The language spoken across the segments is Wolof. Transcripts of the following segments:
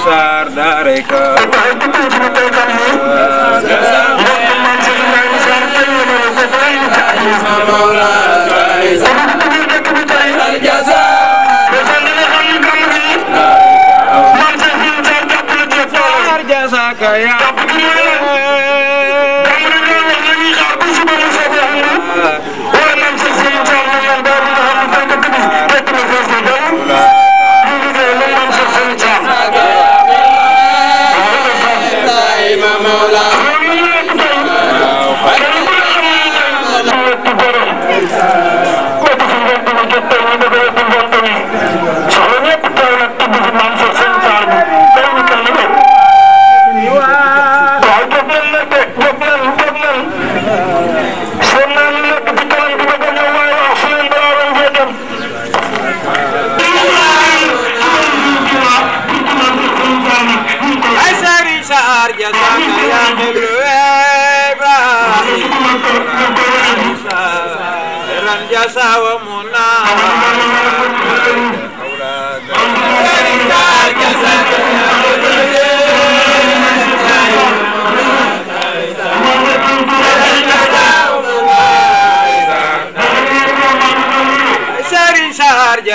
Sardar Eka Sardar Eka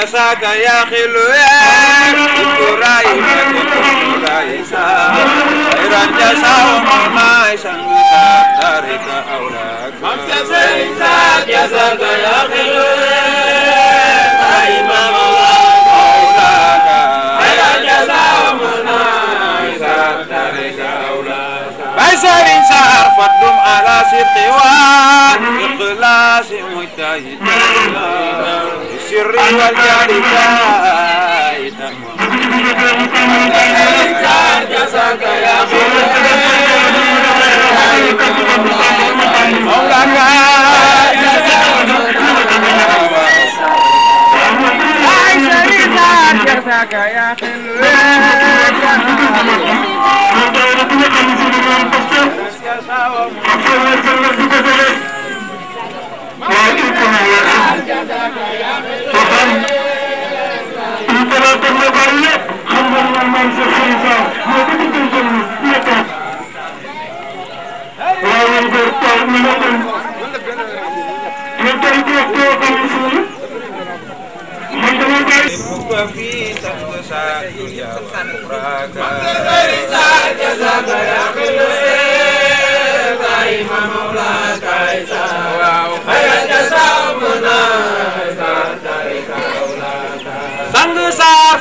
يساك يا خلوان الدراي الدراي سا خير الجزاء ما يشنك دارك أولاك خمسة سيساك يساك يا خلوان دائما مولاك خير الجزاء ما يشنك دارك أولاك بيسر انسار فدم على سطوان إخلاص مجتهد السر والجهل Africa.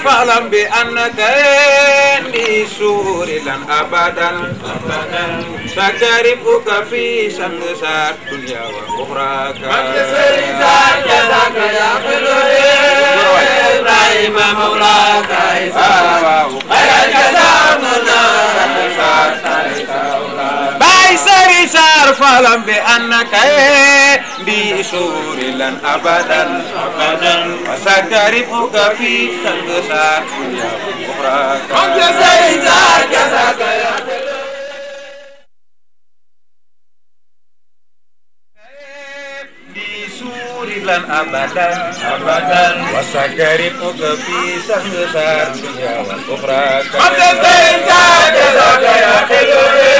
فاعلم بأنك عندي سرور لن أبدا سكرفك في سنسار دنيا وأخراك سنسار جزاك يا خلوه إبراهيم مولاك إسحاق خير الجزاء سري سار فلم بأنك دي سور لن أبدا أبدا وستعرفك في سنسار أخرى كنت سري سار كسرك lan abadan abadan wasagari uga bisa ngesar dunia wa ukhra kada zain kada ya khiluri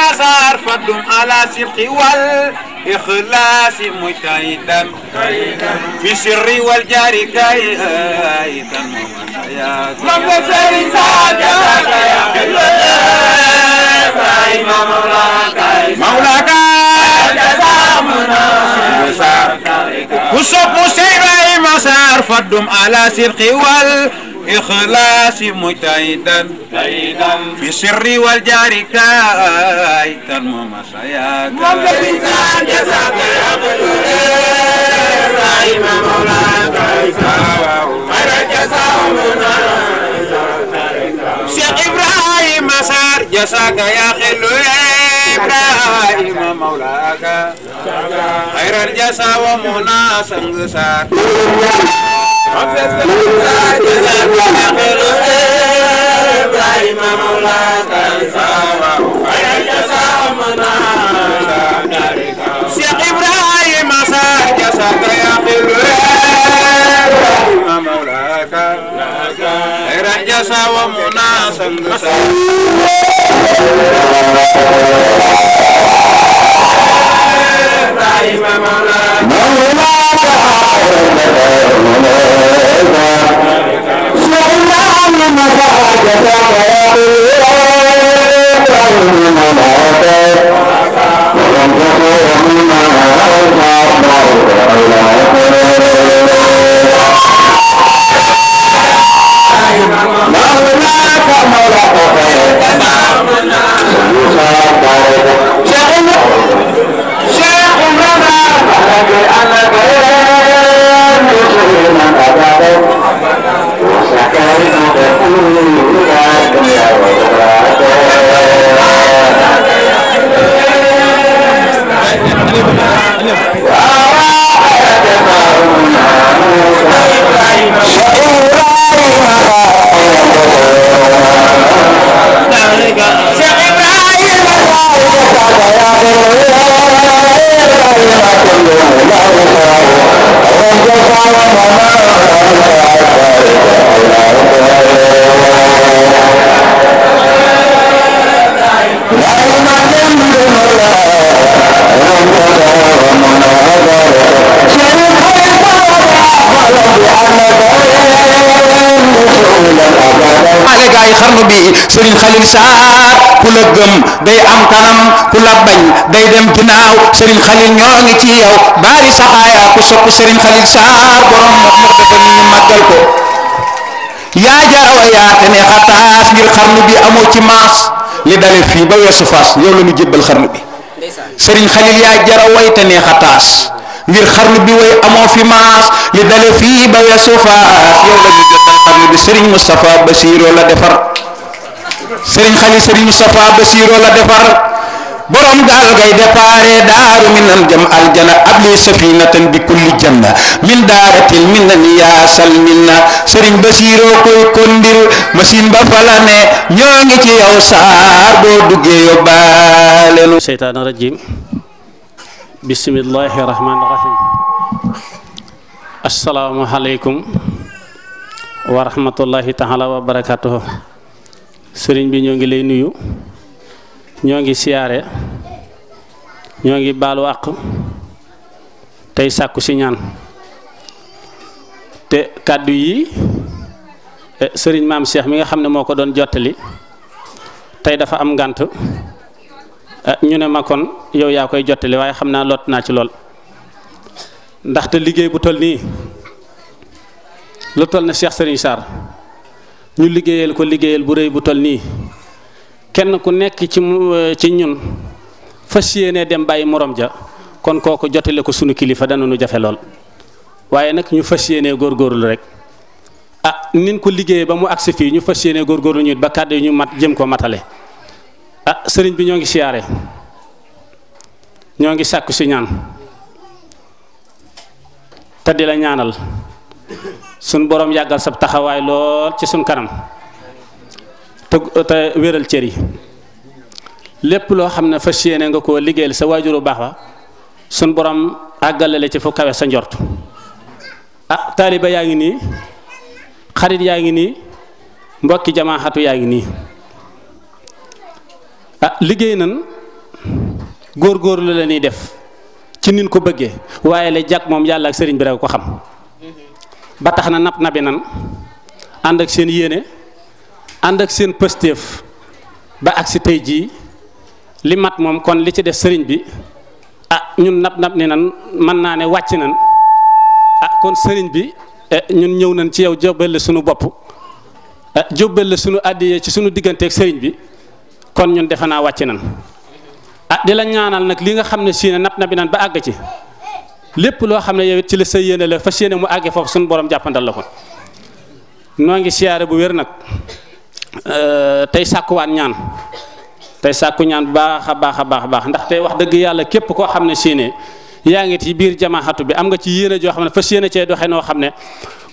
مسار فضل على صدق والإخلاص مجتهدا في السر والجار كيدا من بشر ساجدك يا قلبي مولاك مولاك كسب مسيبي مسار فضل على صدق والإخلاص بالإخلاص مجتهدا في سر والجار كاي تنمو مسياك وبالإنسان جزاك يا إبراهيم مولاك خير الجزاء من شيخ إبراهيم مسار جزاك يا خلو إبراهيم مولاك خير الجزاء ومناسب سار سوا مناسب sëriñ xalil saar ku day am kanam ku la bañ day dem ginnaaw sëriñ xalil ñoo ngi ci yow baari saxaaya ku sopp sëriñ xalil saar yaa bi amoo ci maas li dale fii ba weesu faas yow ñu jébbal bi sëriñ xalil yaa jaraway te neexa taas ngir xarnu bi way amoo fi maas li dale fii ba weesu faas yow la ñu jébbal xarnu bi sëriñ Moustapha Basiro la defar sëriñ xali sëriñ safa basiiro la defar borom gaal gay depaare daaru minam jëm aljana abli safinatan bi kulli janna min daaratil minna ni yaasal minna sëriñ basiiro koy kondir machine ba fala ne ñoo ngi ci yow saar boo duggee yóbbaale seytaana rajim bismillahi rahmaani rahim assalaamu aleykum wa rahmatullahi taala wa barakatuhu sëriñ bi ñoo ngi lay nuyu ñoo ngi siyaare ñoo ngi baal wàq tey sàkku si ñaan te kàddu yi e, sëriñ maam Cheikh mi nga xam ne moo ko doon jottali tey dafa am ngànt e, ñu ne ma kon yow yaa koy jottali waaye xam naa lot naa ci lool ndaxte liggéey bu toll nii lu toll na Cheikh Sëriñ Sarr ñu liggéeyal ko liggéeyal bu rëy bu toll nii kenn ku nekk ci eh, ci ñun fas yéene dem bàyyi morom ja kon kooku jotale ko sunu kilifa dana jafe lool waaye nag ñu fas yéene góorgóorlu rek ah ko liggéeyee ba mu agsi ñu fas yéene góorgóorlu ñu ba kàddu yi ñu mat jëm ko matale ah sëriñ bi ñoo ngi siyaare ñoo ngi sàkku si ñaan te di la ñaanal sun borom yàggal sab taxawaay lool ci sun kanam te te wéral cër yi lépp loo xam ne fas yéene nga koo liggéeyal sa waajur waajuru baax wa sun borom àggalale ci fu kawe sa njort ah taaliba yaa ngi nii xarit yaa ngi nii mbokki jamaaxatu yaa ngi nii ah liggéey nan góor góor la ñuy def ci nin ko bëggee waaye la jàkk moom yàlla ak sëriñ bi rek ko xam ba tax na nab nabi nan ànd ak seen yéene ànd ak seen pëstéef ba ak si tey jii li mat moom kon li ci def sëriñ bi ah ñun nab nab ni nan mën naa ne wàcc nan ah kon sëriñ bi eh, ñun ñëw nañ ci yow jóbbal la sunu bopp eh, jóbbal la sunu àddiyee ci sunu digganteeg sëriñ bi kon ñun defe naa wàcc nan ah di la ñaanal nag li nga xam ne si nab nabi nan ba àgg ci lépp loo xam ne yow ci la sa yéene la fas yéene mu àggee foofu suñu borom jàppandal la ko noo ngi siyaare bu wér nag euh, tey sàkkuwaan ñaan tey sàkku ñaan bu baax a baax a baax baax ndax tey wax dëgg yàlla képp koo xam ne siine yaa ngi ci biir jamaxatu bi am nga ci yéene joo xam ne fas yéene cee doxe noo xam ne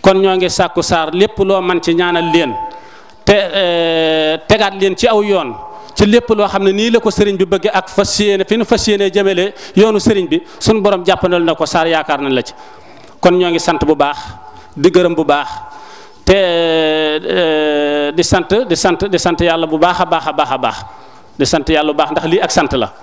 kon ñoo ngi sàkku saar lépp loo man ci ñaanal leen te euh, tegaat leen ci aw yoon ci lépp loo xam ne nii la ko sëriñ bi bëgg ak fas yéene fi nu fas yéene jëmale yoonu sëriñ bi suñu borom jàppandal na ko saar yaakaar na la ci kon ñoo ngi sant bu baax di gërëm bu baax te eh, di sant di sant di sant yàlla bu baax a baax a baax a baax di sant yàlla bu baax ndax lii ak sant la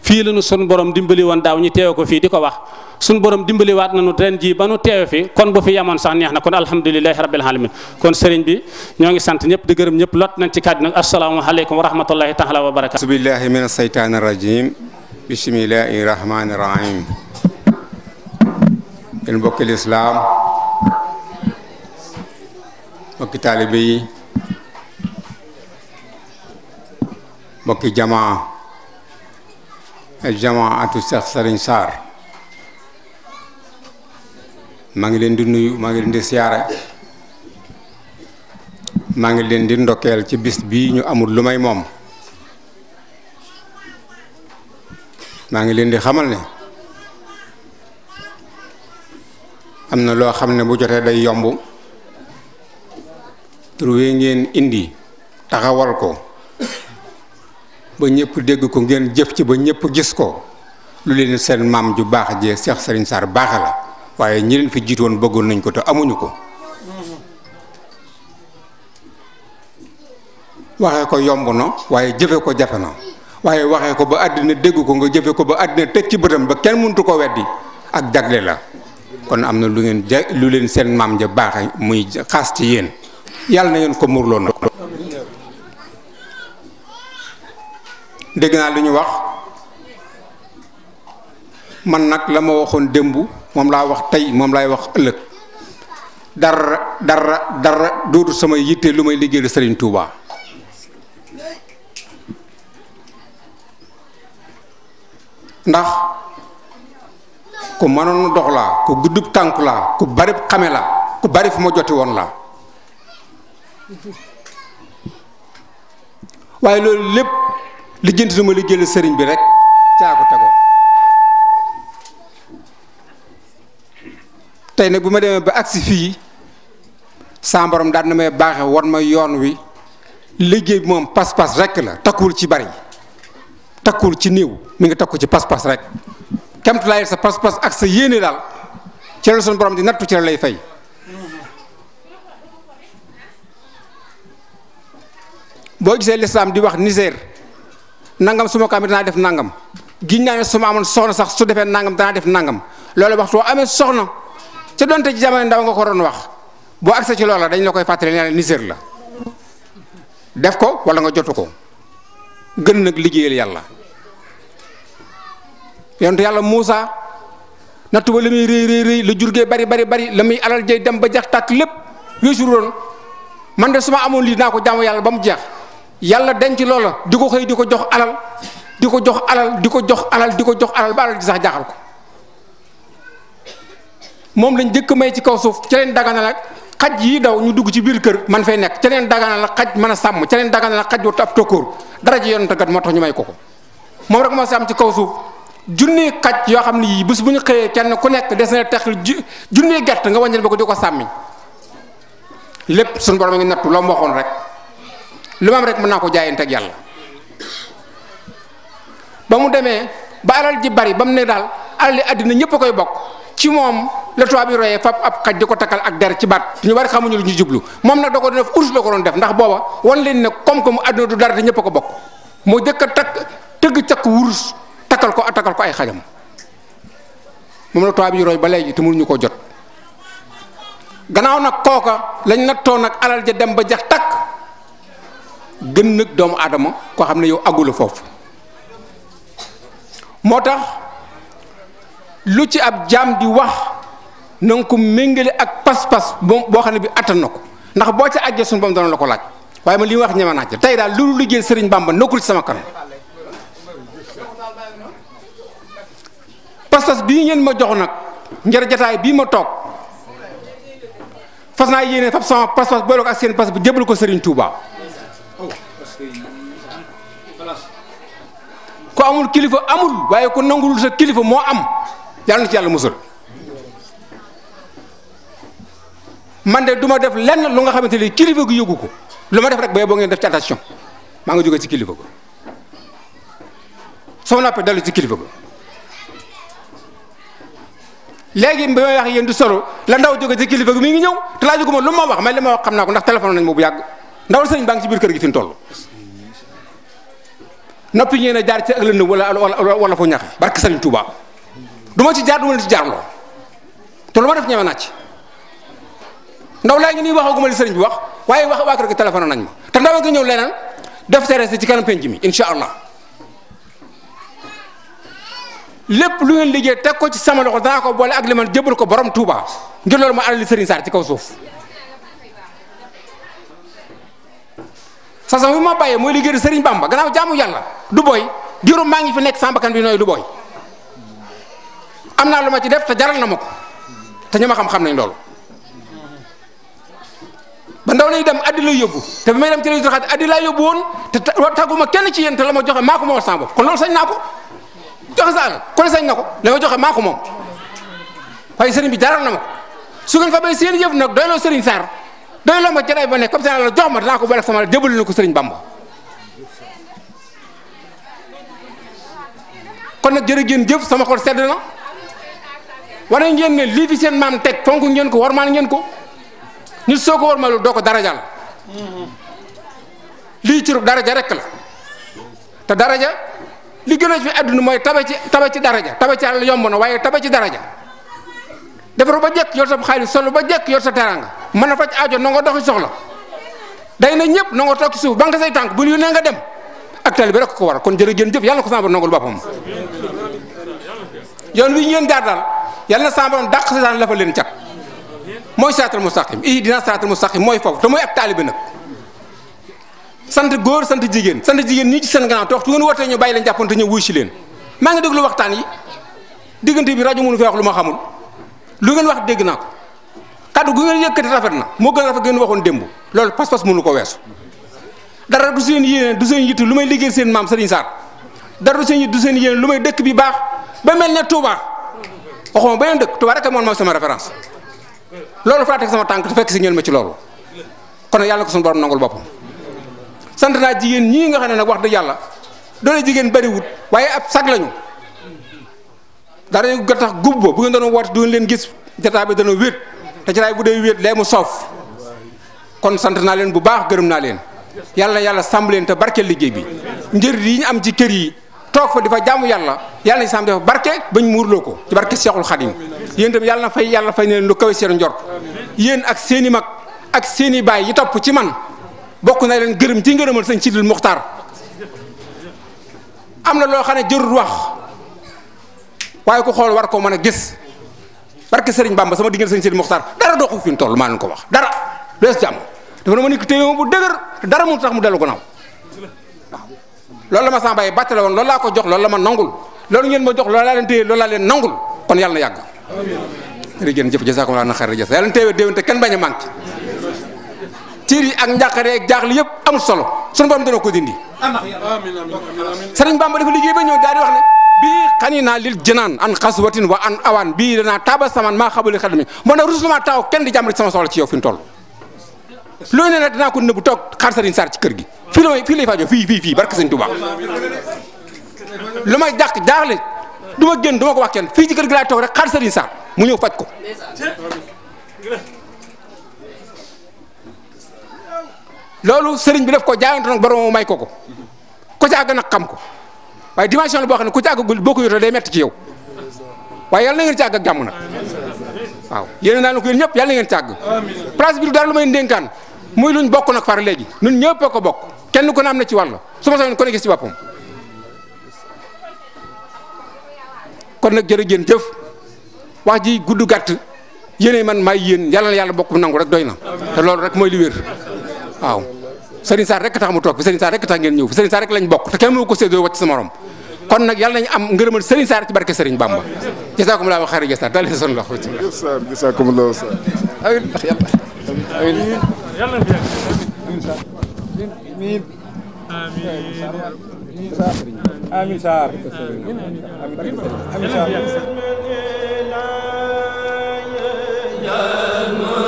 fii la ñu sunu borom dimbali woon daaw ñi teewe ko fii di ko wax suñ borom dimbaliwaat nañu ren jii ba nu teewe fi kon bu fi yamoon sax neex na kon alhamdulilahi rabbil alamin kon sëriñ bi ñoo ngi sant ñëpp di gërëm ñëpp lot nañ ci kàddu nag asalaamaaleykum wa rahmatullahi taala wa barakatu billahi min asaytaan arrajim bismillahi rahmani rahim yéen mbokki lislaam mbokki taalibe yi mbokki jamaa jamaatu Seex Sëriñ Saar maa ngi leen di nuyu maa ngi leen di siyaare maa ngi leen di ndokkeel ci bis bi ñu amul lu may moom maa ngi leen di xamal ne am na loo xam ne bu jotee day yomb trouvé ngeen indi taxawal ko ba ñëpp dégg ko ngeen jëf ci ba ñépp gis ko lu leen seen maam ju baax jee Seex Sëriñ Saar baaxe la waaye ñi leen fi jiitoon bëggoon nañ ko te amuñu ko waxee ko yomb na waaye jëfe ko jafe na waaye waxee ko ba àddina dégg ko nga jëfe ko ba àddina teg ci bëtam ba kenn mëntu ko weddi ak jagle la kon am na lu ngeen ja lu leen seen maam ja baaxe muy xaas ci yéen yàlla na ngeen ko murloo na dégg naa lu ñu wax man nag la ma waxoon démb moom laa wax tey moom laay wax ëllëg dara dara dara dootu sama yitte lu may liggéeyal sëriñ Touba ndax ku mënoon dox laa ku guddub tànk la ku bari xame laa ku bari fu ma joti woon la waaye loolu lépp lijjanti na ma liggéeyal Serigne bi rek caa tey nag bu ma demee ba agsi fii saa borom daan na may baaxe wan ma yoon wi liggéey bi moom pas-pas rek la takkuwul ci bari takkuwul ci néew mu ngi takku ci pas-pas rek kemt laay sa pas-pas ak sa yéene daal ci la sunu borom di nattu ci la lay fay boo gisee lislaam di wax Niger nangam su ma ko amee danaa def nangam giñ naa ne su ma amoon soxna sax su defee nangam danaa def nangam loolu waxtu amee soxna ca donte ci jamono ndaw nga ko doon wax boo accès ci loola dañ la koy fàttali ne nisér la def ko wala nga jotu ko gën nag liggéeyal yàlla yonent yàlla Muusa nattu ba la muy rëy rëy rëy la jurgee bari bari bari la muy alal jëy dem ba jeex tàkk lépp weesu doon man de su ma amoon lii naa ko jaamu yàlla ba mu jeex yàlla denc loola di ko xëy di ko jox alal di ko jox alal di ko jox alal di ko jox alal ba alal ji sax jaaxal ko moom lañu jëkk may ci kaw suuf ci leen daganal ak xaj yi daw ñu dugg ci biir kër man fay nekk ci leen daganal ak xaj mën a sàmm ci leen daganal ak xaj wut ab tokkóor dara ji yonent gat moo tax ñu may ko ko moom rek moo si am ci kaw suuf junni xaj yoo xam ne yii bés bu ñu xëyee kenn ku nekk des na tex ju junni gert nga wàññil ba ko di ko sàmmiñ lépp suñu borom a ngi nattu loo mu rek lu ma am rek mën naa ko jaayante ak yàlla ba mu demee ba ji bari ba mu ne daal alal àddina ñëpp a koy bokk ci moom la tubaab bi fa fab ab xaj di ko takkal ak der ci baat ñu bari xamuñu lu ñu jublu moom nag da ko doon def urus la ko doon def ndax booba wan leen ne koom-koomu àdduna du dara te ñëpp ko bokk moo jëkk a takk tëgg cakk wurus takkal ko takkal ko ay xajam moom la tubaab bi roy ba léegi te mënuñu koo jot gannaaw nag kooka lañ nattoo nag alal ja dem ba jax takk gën nag doomu aadama koo xam ne yow agula foofu moo tax lu ci ab jaam di wax na nga ko méngale ak pas-pas boo xam ne bi àttan na ko ndax boo ca àggee suñu boom dana la ko laaj waaye ma li wax ñeme naa ci tey daal loolu liggéey sëriñ Bàmba nekkul ci sama kanam pas-pas bii ngeen ma jox nag njër jataay bii ma toog fas naa yéene fab sama pas-pas boole ko ak seen pas bu jébal ko sëriñ Touba ku amul kilifa amul waaye ku nangulul sa kilifa moo am yàlla na ci yàlla musal man de duma def lenn lu nga xamante ni kilifa gu yëgu ko lu ma def rek ba boo ngeen def ci attention maa nga jóge ci kilifa gu soo noppee dellu ci kilifa gu léegi bi may wax solo la ndaw jóge ci kilifa gi mi ngi ñëw te laa jóguma lu ma wax mais li ma wax xam naa ko ndax téléphone nañ bu yàgg ndaw sëñ baa ngi ci biir kër gi fi mu toll noppi ñee jaar ci ak lënd wala wala wala fu ñaxe barke sëriñ Touba du ma ci jaar du ma te lu ma def ñeme naa ci ndaw laa ngi nii waxaguma sëriñ bi wax waaye wax waa kër gi téléphone nañ ma te ndaw nga ñëw leneen def seere si ci kanam penc mi incha allah lépp lu ngeen liggéey teg ko ci sama loxo danaa ko boole ak li man ko borom Touba ngir loolu ma alali sëriñ Sarr ci kaw suuf. sa sama ma bàyyee mooy liggéey di sëriñ Bamba gannaaw jaamu yàlla du booy juróom maa ngi fi nekk sàmbakan bi nooy du booy. am naa lu ma ci def te jaral na ma ko te ñu ma xam-xam nañ loolu ba ndaw lay dem addi lay yóbbu te bi may dem ci réseau xaat addi laa yóbbu woon te tàgguma kenn ci yéen te la ma joxe maa ko moom sama bopp kon loolu naa ko joxe sa alal sañ na ko la ma joxe maa ko waaye sëriñ bi jaral na ma ko su ngeen fa bay seen ma jaraay ba ne comme ça la jox ma dinaa ko boole ak sama jëbal na ko sëriñ Bamba kon nag jërë ngeen jëf sama xol sedd na. wane ngeen ne lii fi seen maam teg fonk ngeen ko warmaal ngeen ko nit sooko ko warmaalu doo ko darajal lii ci daraja rek la te daraja li gën a fi àdduna mooy tabe ci tabe ci daraja tabe ci àll yomb na waaye tabe ci daraja defaru ba jekk yor sa xaalis solo ba jekk yor sa teraanga mën a faj aajo nangoo doxi soxla day na ñëpp nangoo toog ci suuf ba nga say tànk bu ñu nee nga dem ak tali bi rek ko war kon jërë ngeen jëf yàlla ko sama bopp nangul boppam yoon wi ngeen jaar yàlla na sama borom dàq seytaan lafa leen cat mooy siraatal mustaqim ii dina siraatal mustaqim mooy foofu te mooy ab taalibe nag sant góor sant jigéen sant jigéen ñii ci seen gannaaw te waxtu ngeen ñu bàyyi leen jàppante leen maa ngi déglu waxtaan yi diggante bi rajo mënu fee wax lu ma xamul lu ngeen wax dégg naa ko kàddu gu ngeen yëkkati rafet na moo gën a rafet gën waxoon démb loolu pas-pas mënu ko weesu dara du seen yéene du seen yitte lu may liggéey seen maam Serigne Sarr dara du seen yitte du seen yéene lu may dëkk bi baax ba mel ne Touba waxuma beneen dëkk Tuubaa rek moom mooy sama référence loolu fa teg sama tànk te fekk si ngeen ma ci loolu kon nag yàlla na ko suñu borom nangul boppam sant naa jigéen ñii nga xam ne nag wax dëgg yàlla doole jigéen bariwut waaye ab sag lañu dara yu tax gub ba bu ngeen doon woote du ngeen leen gis jataa bi dana wéet te jataay bu dee wéet lee mu soof kon sant naa leen bu baax gërëm naa leen yàlla yàlla sàmm leen te barke liggéey bi njëriñ yi ñu am ci kër yi. toog fa di fa jaamu yàlla yàlla nañ saam dafa barke bañ muurloo ko ci barke Seexul Xadim yéen itam yàlla na fay yàlla fay ne lu kawe seen njort yéen ak seeni mag ak seeni i baay yi topp ci man bokk na leen gërëm ci ngërëmal sëñ Sidil Muxtaar am na loo xam ne jërul wax waaye ku xool war koo mën a gis barke Sëriñ Bamba sama diggante sañ Sidil Muxtaar dara doxu fi mu toll maa leen ko wax dara lees jàmm dafa na ma nekk téye bu dëgër te dara mu tax mu dellu gannaaw waaw loolu la ma sama bàyyi bàttale woon loolu laa ko jox loolu la ma nangul loolu ngeen ma jox loolu laa leen téye loolu laa leen nangul kon yàlla na yàgg. jëf jazaakumullaahu na xayra jazaa yàlla na te kenn a manqué tiir yi ak njàqare ak jaaxle yëpp amul solo suñu borom dana ko dindi. sëriñ Bamba dafa liggéey ba ñëw daal di wax ne bii xani naa lil jënaan an xaswatin wa an awaan bii naa taaba saman maa xabali xadami moo ne rusuma taxaw kenn di jàmbale sama soxla ci yow fi mu toll. loolu ne nag dinaa ko nëbbu toog xaar sëriñ Sarr ci kër gi fii la fii lay fajoo fii fii fii barke sëñ Touba lu may dàq jaaxle du ma génn du ma ko wax fii ci kër gi laay toog rek xaar Serigne mu ñëw faj ko. loolu Serigne bi def ko jaayante nag borom may ko ko ku ci nag xam ko waaye dimension la boo xam ne ku ci àggagul boo ko yotee day métti ci yow waaye yàlla na ngeen ci àgg ak jàmm nag waaw yéen daal na ko yéen ñëpp yàlla na ngeen ci bi du dara lu may ndénkaan muy luñ bokk nag far léegi ñun ñëpp a ko bokk. kenn ku ne am na ci wàll su ma sañoon ku ne gis ci boppam kon nag jërëjëf wax ji gudd gàtt yéene man maay yéen yàlla na yàlla bokkum nangu rek doy na te loolu rek mooy li wér waaw Serigne Sarr rek tax mu toog fi Serigne Sarr rek tax ngeen ñëw fi Serigne Sarr rek lañ bokk te kenn mënu ko séddoo wàcc sa morom kon nag yàlla nañu am ngërëmal Serigne Sarr ci barke Serigne Bamba jazaakumullaahu xayran jasaa daal di sonn loxo ci jazaakumullaahu xayran amiin amiin Sarr amiin Sarr amiin Sarr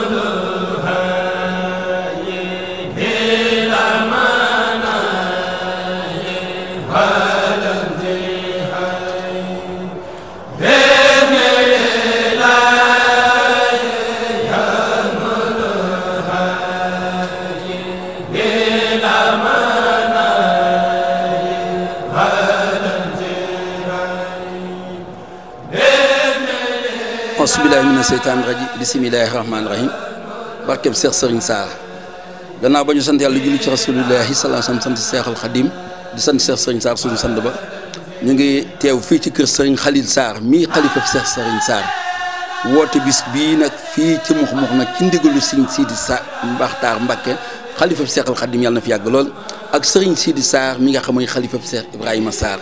mina seytaan rajiim bismillaahi rahmaani rahiim barkeb Seex Sëriñ Saar gannaaw ba ñu sant yàlla julli ci rasuulillaahi sallallaahu alayhi wa sallam sant Seexal Xadiim di sant Seex Sëriñ Saar suñu sant ba ñu ngi teew fii ci kër Sëriñ Xalil Saar mii xalifa Seex Sëriñ Saar woote bis bii nag fii ci mux-mux nag ci ndigalu Sëriñ Siidi Saar taar Mbàkke xalifa Seexal Xadiim yàlla na fi yàgg lool ak Sëriñ Siidi Saar mi nga xam mooy xalifa Seex Ibrahima Saar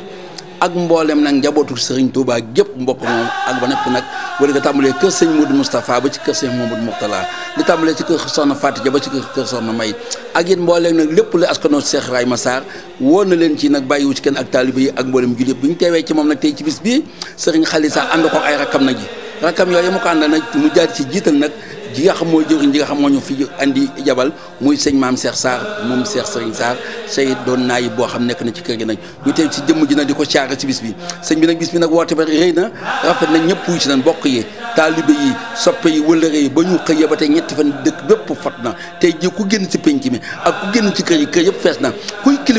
ak mboolem nag njabootu sëriñ Touba gépp mbokk moom ak ba nekk nag wala nga tàmbalee kër sëñ Modou Moustapha ba ci kër sëñ Mamadou Mourtala li tàmbalee ci kër soxna Faatija ba ci kër soxna May ak it mbooleem nag lépp la askano Cheikh Rayma Sarr woon na leen ci nag bàyyiwu ci kenn ak taalibe yi ak mboolem jullit bu ñu teewee ci moom nag tey ci bis bii sëriñ Xalisa ànd ko ay rakam nag yi rakam yooyu mu ko àndal nag mu jaar ci jiital nag ji nga xam mooy jëriñ ji nga xam moo ñu fi indi jabal muy sëñ maam Cheikh Sarr moom Cheikh Serigne Sarr say doon naayib boo xam nekk na ci kër gi nag ñu tey ci jëmm ji nag di ko caara ci bis bi sëñ bi nag bis bi nag woote ba rëy na rafet na ñëpp wu ci nan bokk yi taalibe yi soppe yi wëllëre yi ba ñu xëyee ba tey ñetti fan dëkk bépp fot na tey ji ku génn ci penc mi ak ku génn ci kër yi kër yëpp fees na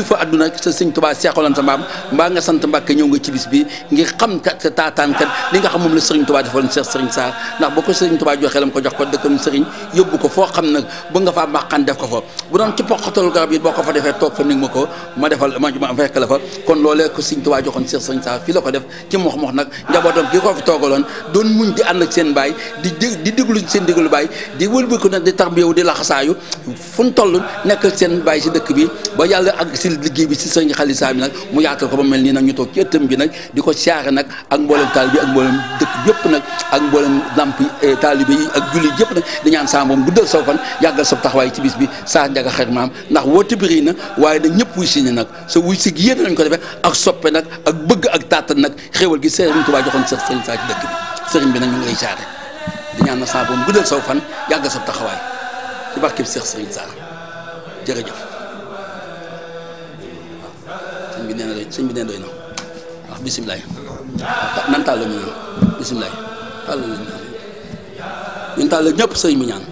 kilifa àdduna sa sëñ Tuubaa seexaloon sa mbaam mbaa nga sant Mbàkke ñëw nga ci bi ngir xam kat sa taataankat li nga xam moom la sëriñ Tuubaa defoon seex sëriñ Saar ndax ba ko sëriñ Tuubaa jox ko fa defee toog fa ni ma ko ma defal ma fekk la fa kon loolee ko sëriñ Tuubaa joxoon sëriñ Saar fii la ko def ci mox mox nag njabootam gi ko fi toogaloon doon muñ di ànd ak seen baay di di déglu seen déglu baay di wëlbiku nag di tarbiyewu di laxasaayu fu ñu yaatal liggéey bi si sëñ xalisaa bi nag mu yaatal ko ba mel nii nag ñu toog ci ëttam bi nag di ko siyaare nag ak mboolem taalibe yi ak mboolem dëkk yëpp nag ak mboolem namp eh, taalibe yi ak julli yëpp nag di ñaan saa moom guddal saw fan yàggal sa taxawaay ci bis bi saa njaga xer maam ndax woote bi na waaye nag ñëpp wuy si nag sa wuy si yéen lañ ko defee ak soppe nag bëgg ak tàttan nag xéewal gi Sëriñ Tuubaa joxoon sa sëriñ saa ci dëkk bi bi nag ñu ngi lay ñaan na saa moom guddal saw fan yàggal sa taxawaay ci barkeb Seex Sëriñ Saa jërëjëf bi nee na doy bi nee doy na wax bisimilah nan tàll ñu naan bisimilah tàll ñu naan ñun tàll ñëpp sëñ bi ñaan.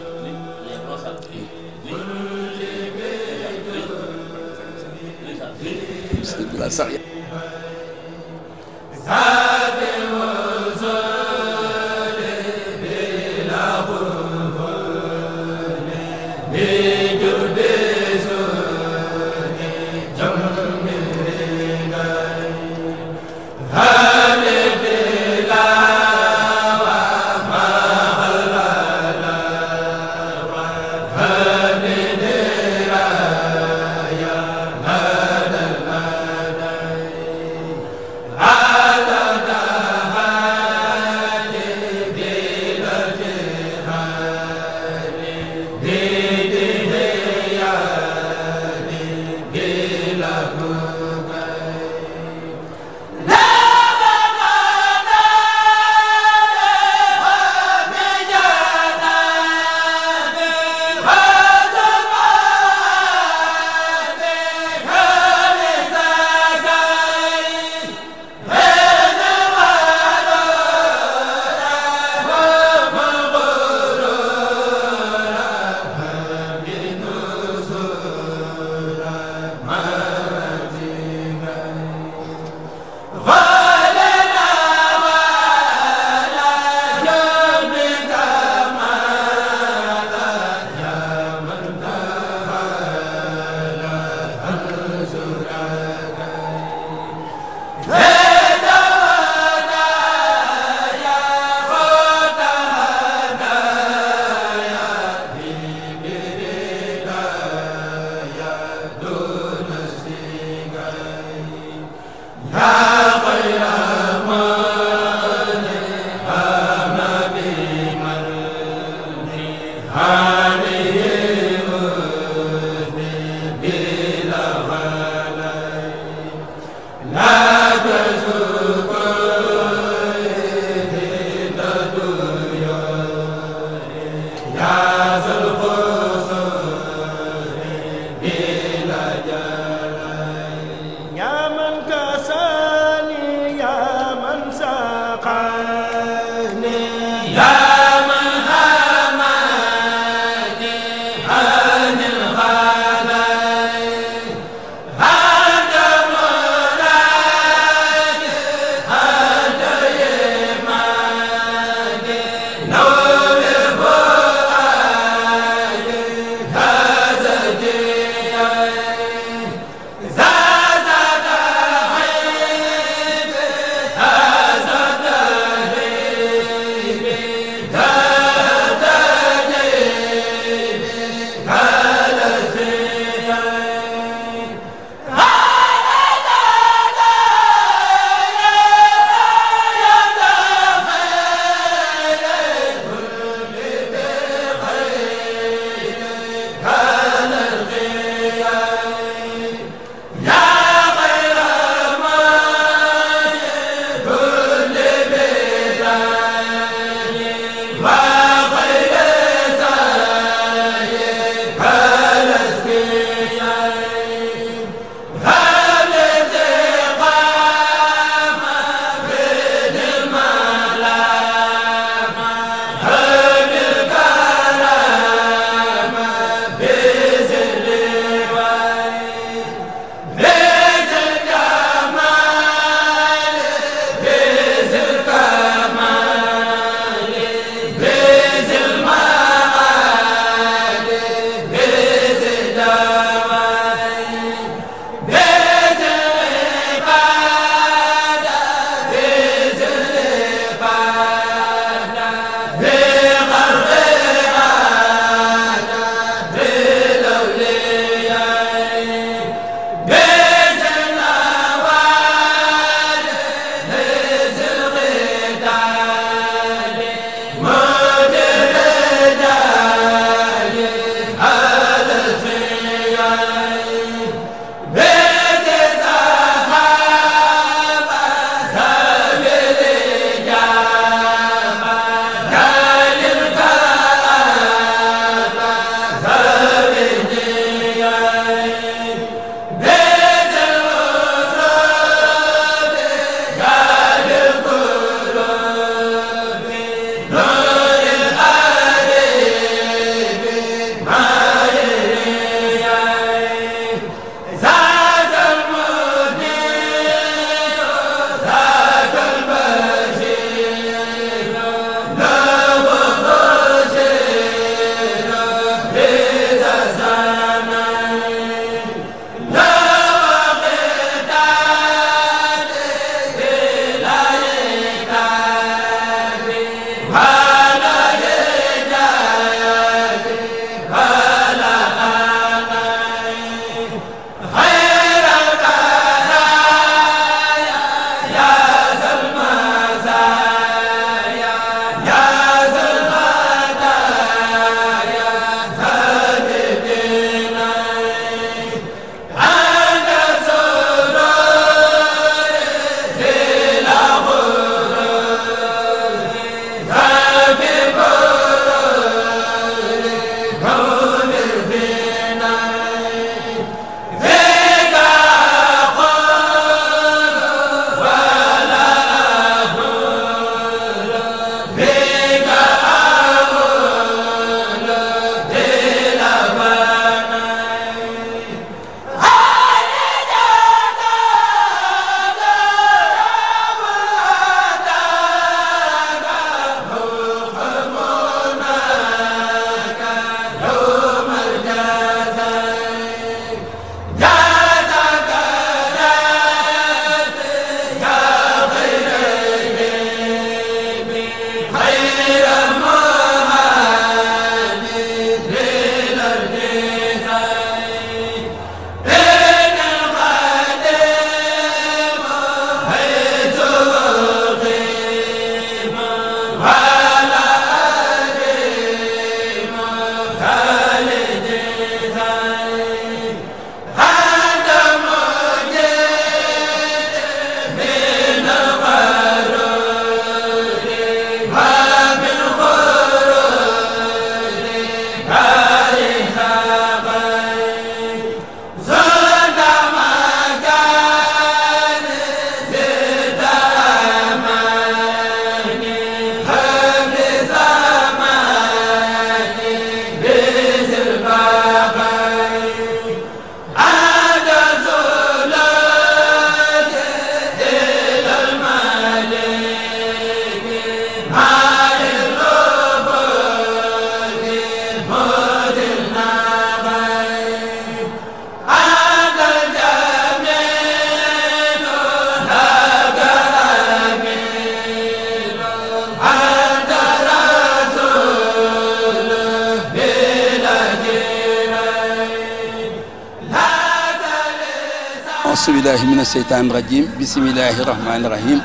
seytaan rajim bisimilahi rahmaani rahim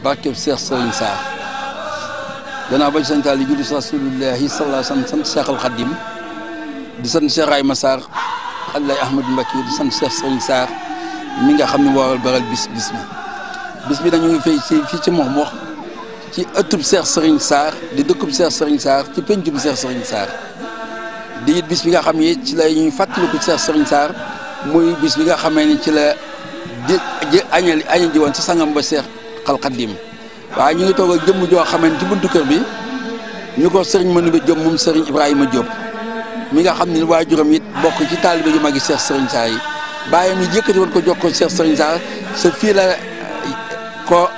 barkeb seex sëriñ saar danaa ba sant Yàlla julli si rasulillahi sallallahu sant Seex al di sant Seex Rayma Saar Allay Ahmad Mbacke di sant Seex sëriñ Saar mi nga xam ne waral baral bis bis bi bis ngi fay ci fii ci moom wax ci ëttub Seex sëriñ Saar di dëkkub Seex sëriñ Saar ci péncub Seex sëriñ Saar di it bis bi nga xam ne ci la ñuy fàttaliku Seex sëriñ Saar muy gis mi nga xamee ni ci la ji añal añal ji woon ci sangam ba Seex al Xadiim waaye ñu ngi toog ak jëmm joo xamee ni ci buntu kër bi ñu ko sëriñ Manouba Diop moom sëriñ Ibrahima Diop mi nga xam ni ne waajuram it bokk ci taalibe yu magi Seex Sëriñ Saa yi bàyyam ñu yëkkati woon ko jox ko Seex Sëriñ Saa sa fii la eh, ko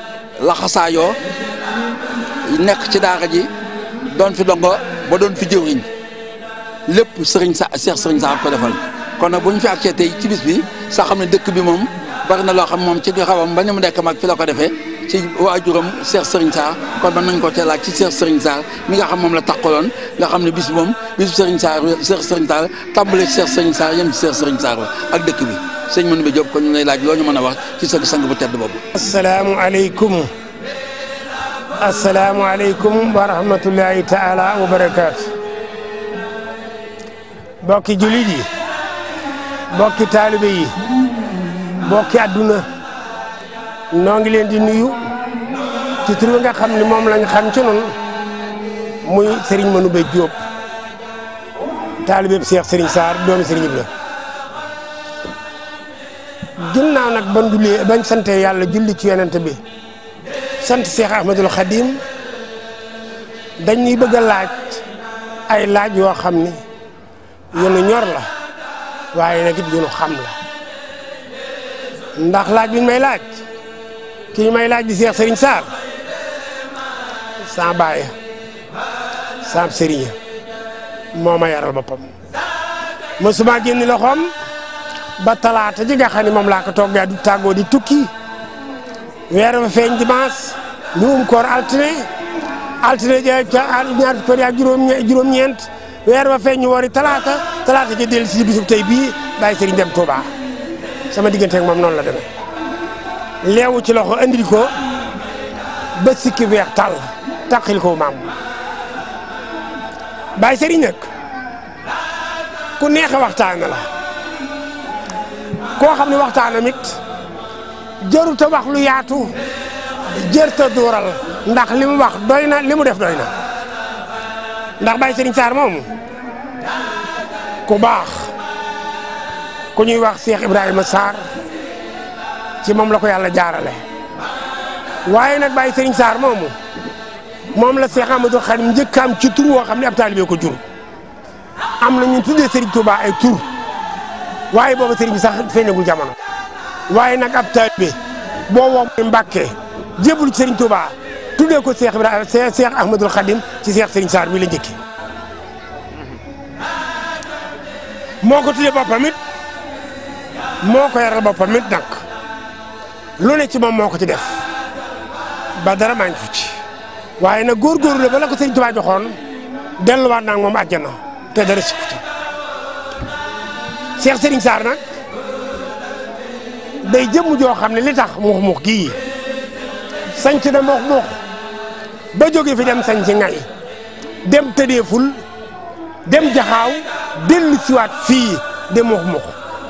laxasaayoo nekk ci daara ji doon fi dongo ba doon fi jëwriñ lépp sëriñ sa Seex Sëriñ Saa ko defal kon nag bu ñu fi agsee tey ci bis bi sax xam ne dëkk bi moom bari na loo xam moom ci xawam ba ni mu nekk mag fi la ko defee ci waajuram Cheikh Serigne Sarr kon mën nañ ko cee laaj ci seer Serigne Sarr mi nga xam moom la taqaloon nga xam ne bis moom bis Serigne Sarr Cheikh Serigne Sarr tàmbale Cheikh Serigne Sarr yem ci Cheikh Serigne saar la ak dëkk bi sëñ Manoumbe Diop kon ñu lay laaj loo ñu mën a wax ci sa sang bu tedd boobu. asalaamualeykum asalaamualeykum wa rahmatullahi taala wa barakaatu. mbokki jullit yi. bokki taalibe yi bokki àdduna noo ngi leen di nuyu ci tur nga xam ni moom lañ xam ci noonu muy sëriñ Serigne Manoumbe Diop taalibe Cheikh Serigne Sarr doomi Serigne Ibra ginnaaw nag ban dulee bañ sante yàlla julli ci yonent bi sant Cheikh Ahmadul Khadim dañuy bëgg a laaj ay laaj yoo xam ni yéen ñor la waaye nag it gënu xam la ndax laaj bi may laaj ki may laaj di Seex Sëriñ Saar sans bàyyi sans sëriñ moo ma yaral boppam mësuma génn loxoom ba talaata ji nga xam ne moom laa ko toggee du tàggoo di tukki weer ba feeñ dimanche ñu um koor altine altine ja ñaar fukki fan ak juróom-ñeent weer wa feeñ ñu woori talaata talaata ji dellu si bisub tey bii bàyyi sëriñ dem Touba sama diggante ak moom noonu la demee leewu ci loxo andil ko ba sikki weex tàll tàqil ko maam bàyyi sëriñ nag ku neex a waxtaan la koo xam ne waxtaanam it jëru ta wax lu yaatu jër ta dóoral ndax li mu wax doy na li mu def doy na ndax Baye Serigne saar moomu ku baax ku ñuy wax Cheikh Ibrahima Sarr ci moom la ko yàlla jaarale waaye nag Baye sëriñ saar moomu moom la Cheikh Amadou Khadim njëkkaam ci tur woo xam ne ab taalibe ko jur am na ñu tuddee Serigne Touba ay tur waaye booba Serigne bi sax feeñagul jamono waaye nag ab taalibe boo woo Mbàkke jébul Serigne Touba. tuddee ko Cheikh Ibrahima Cheikh Ahmadul Khadim ci Cheikh Serigne Sarr bi la njëkki moo ko ti boppam it moo ko yaral boppam it ci moom moo ci def ba dara maa ngi fi ci waaye nag góorgóorlu la ba la ko Serigne Touba joxoon delluwaat naa moom àjjana te dara si kuti Cheikh Serigne nag day jëmm joo xam ne li tax muux muux gii sanc na muux muux ba jóge fi dem sañ ci ngay dem tëddeeful dem jaxaaw dellu siwaat fii di mux mux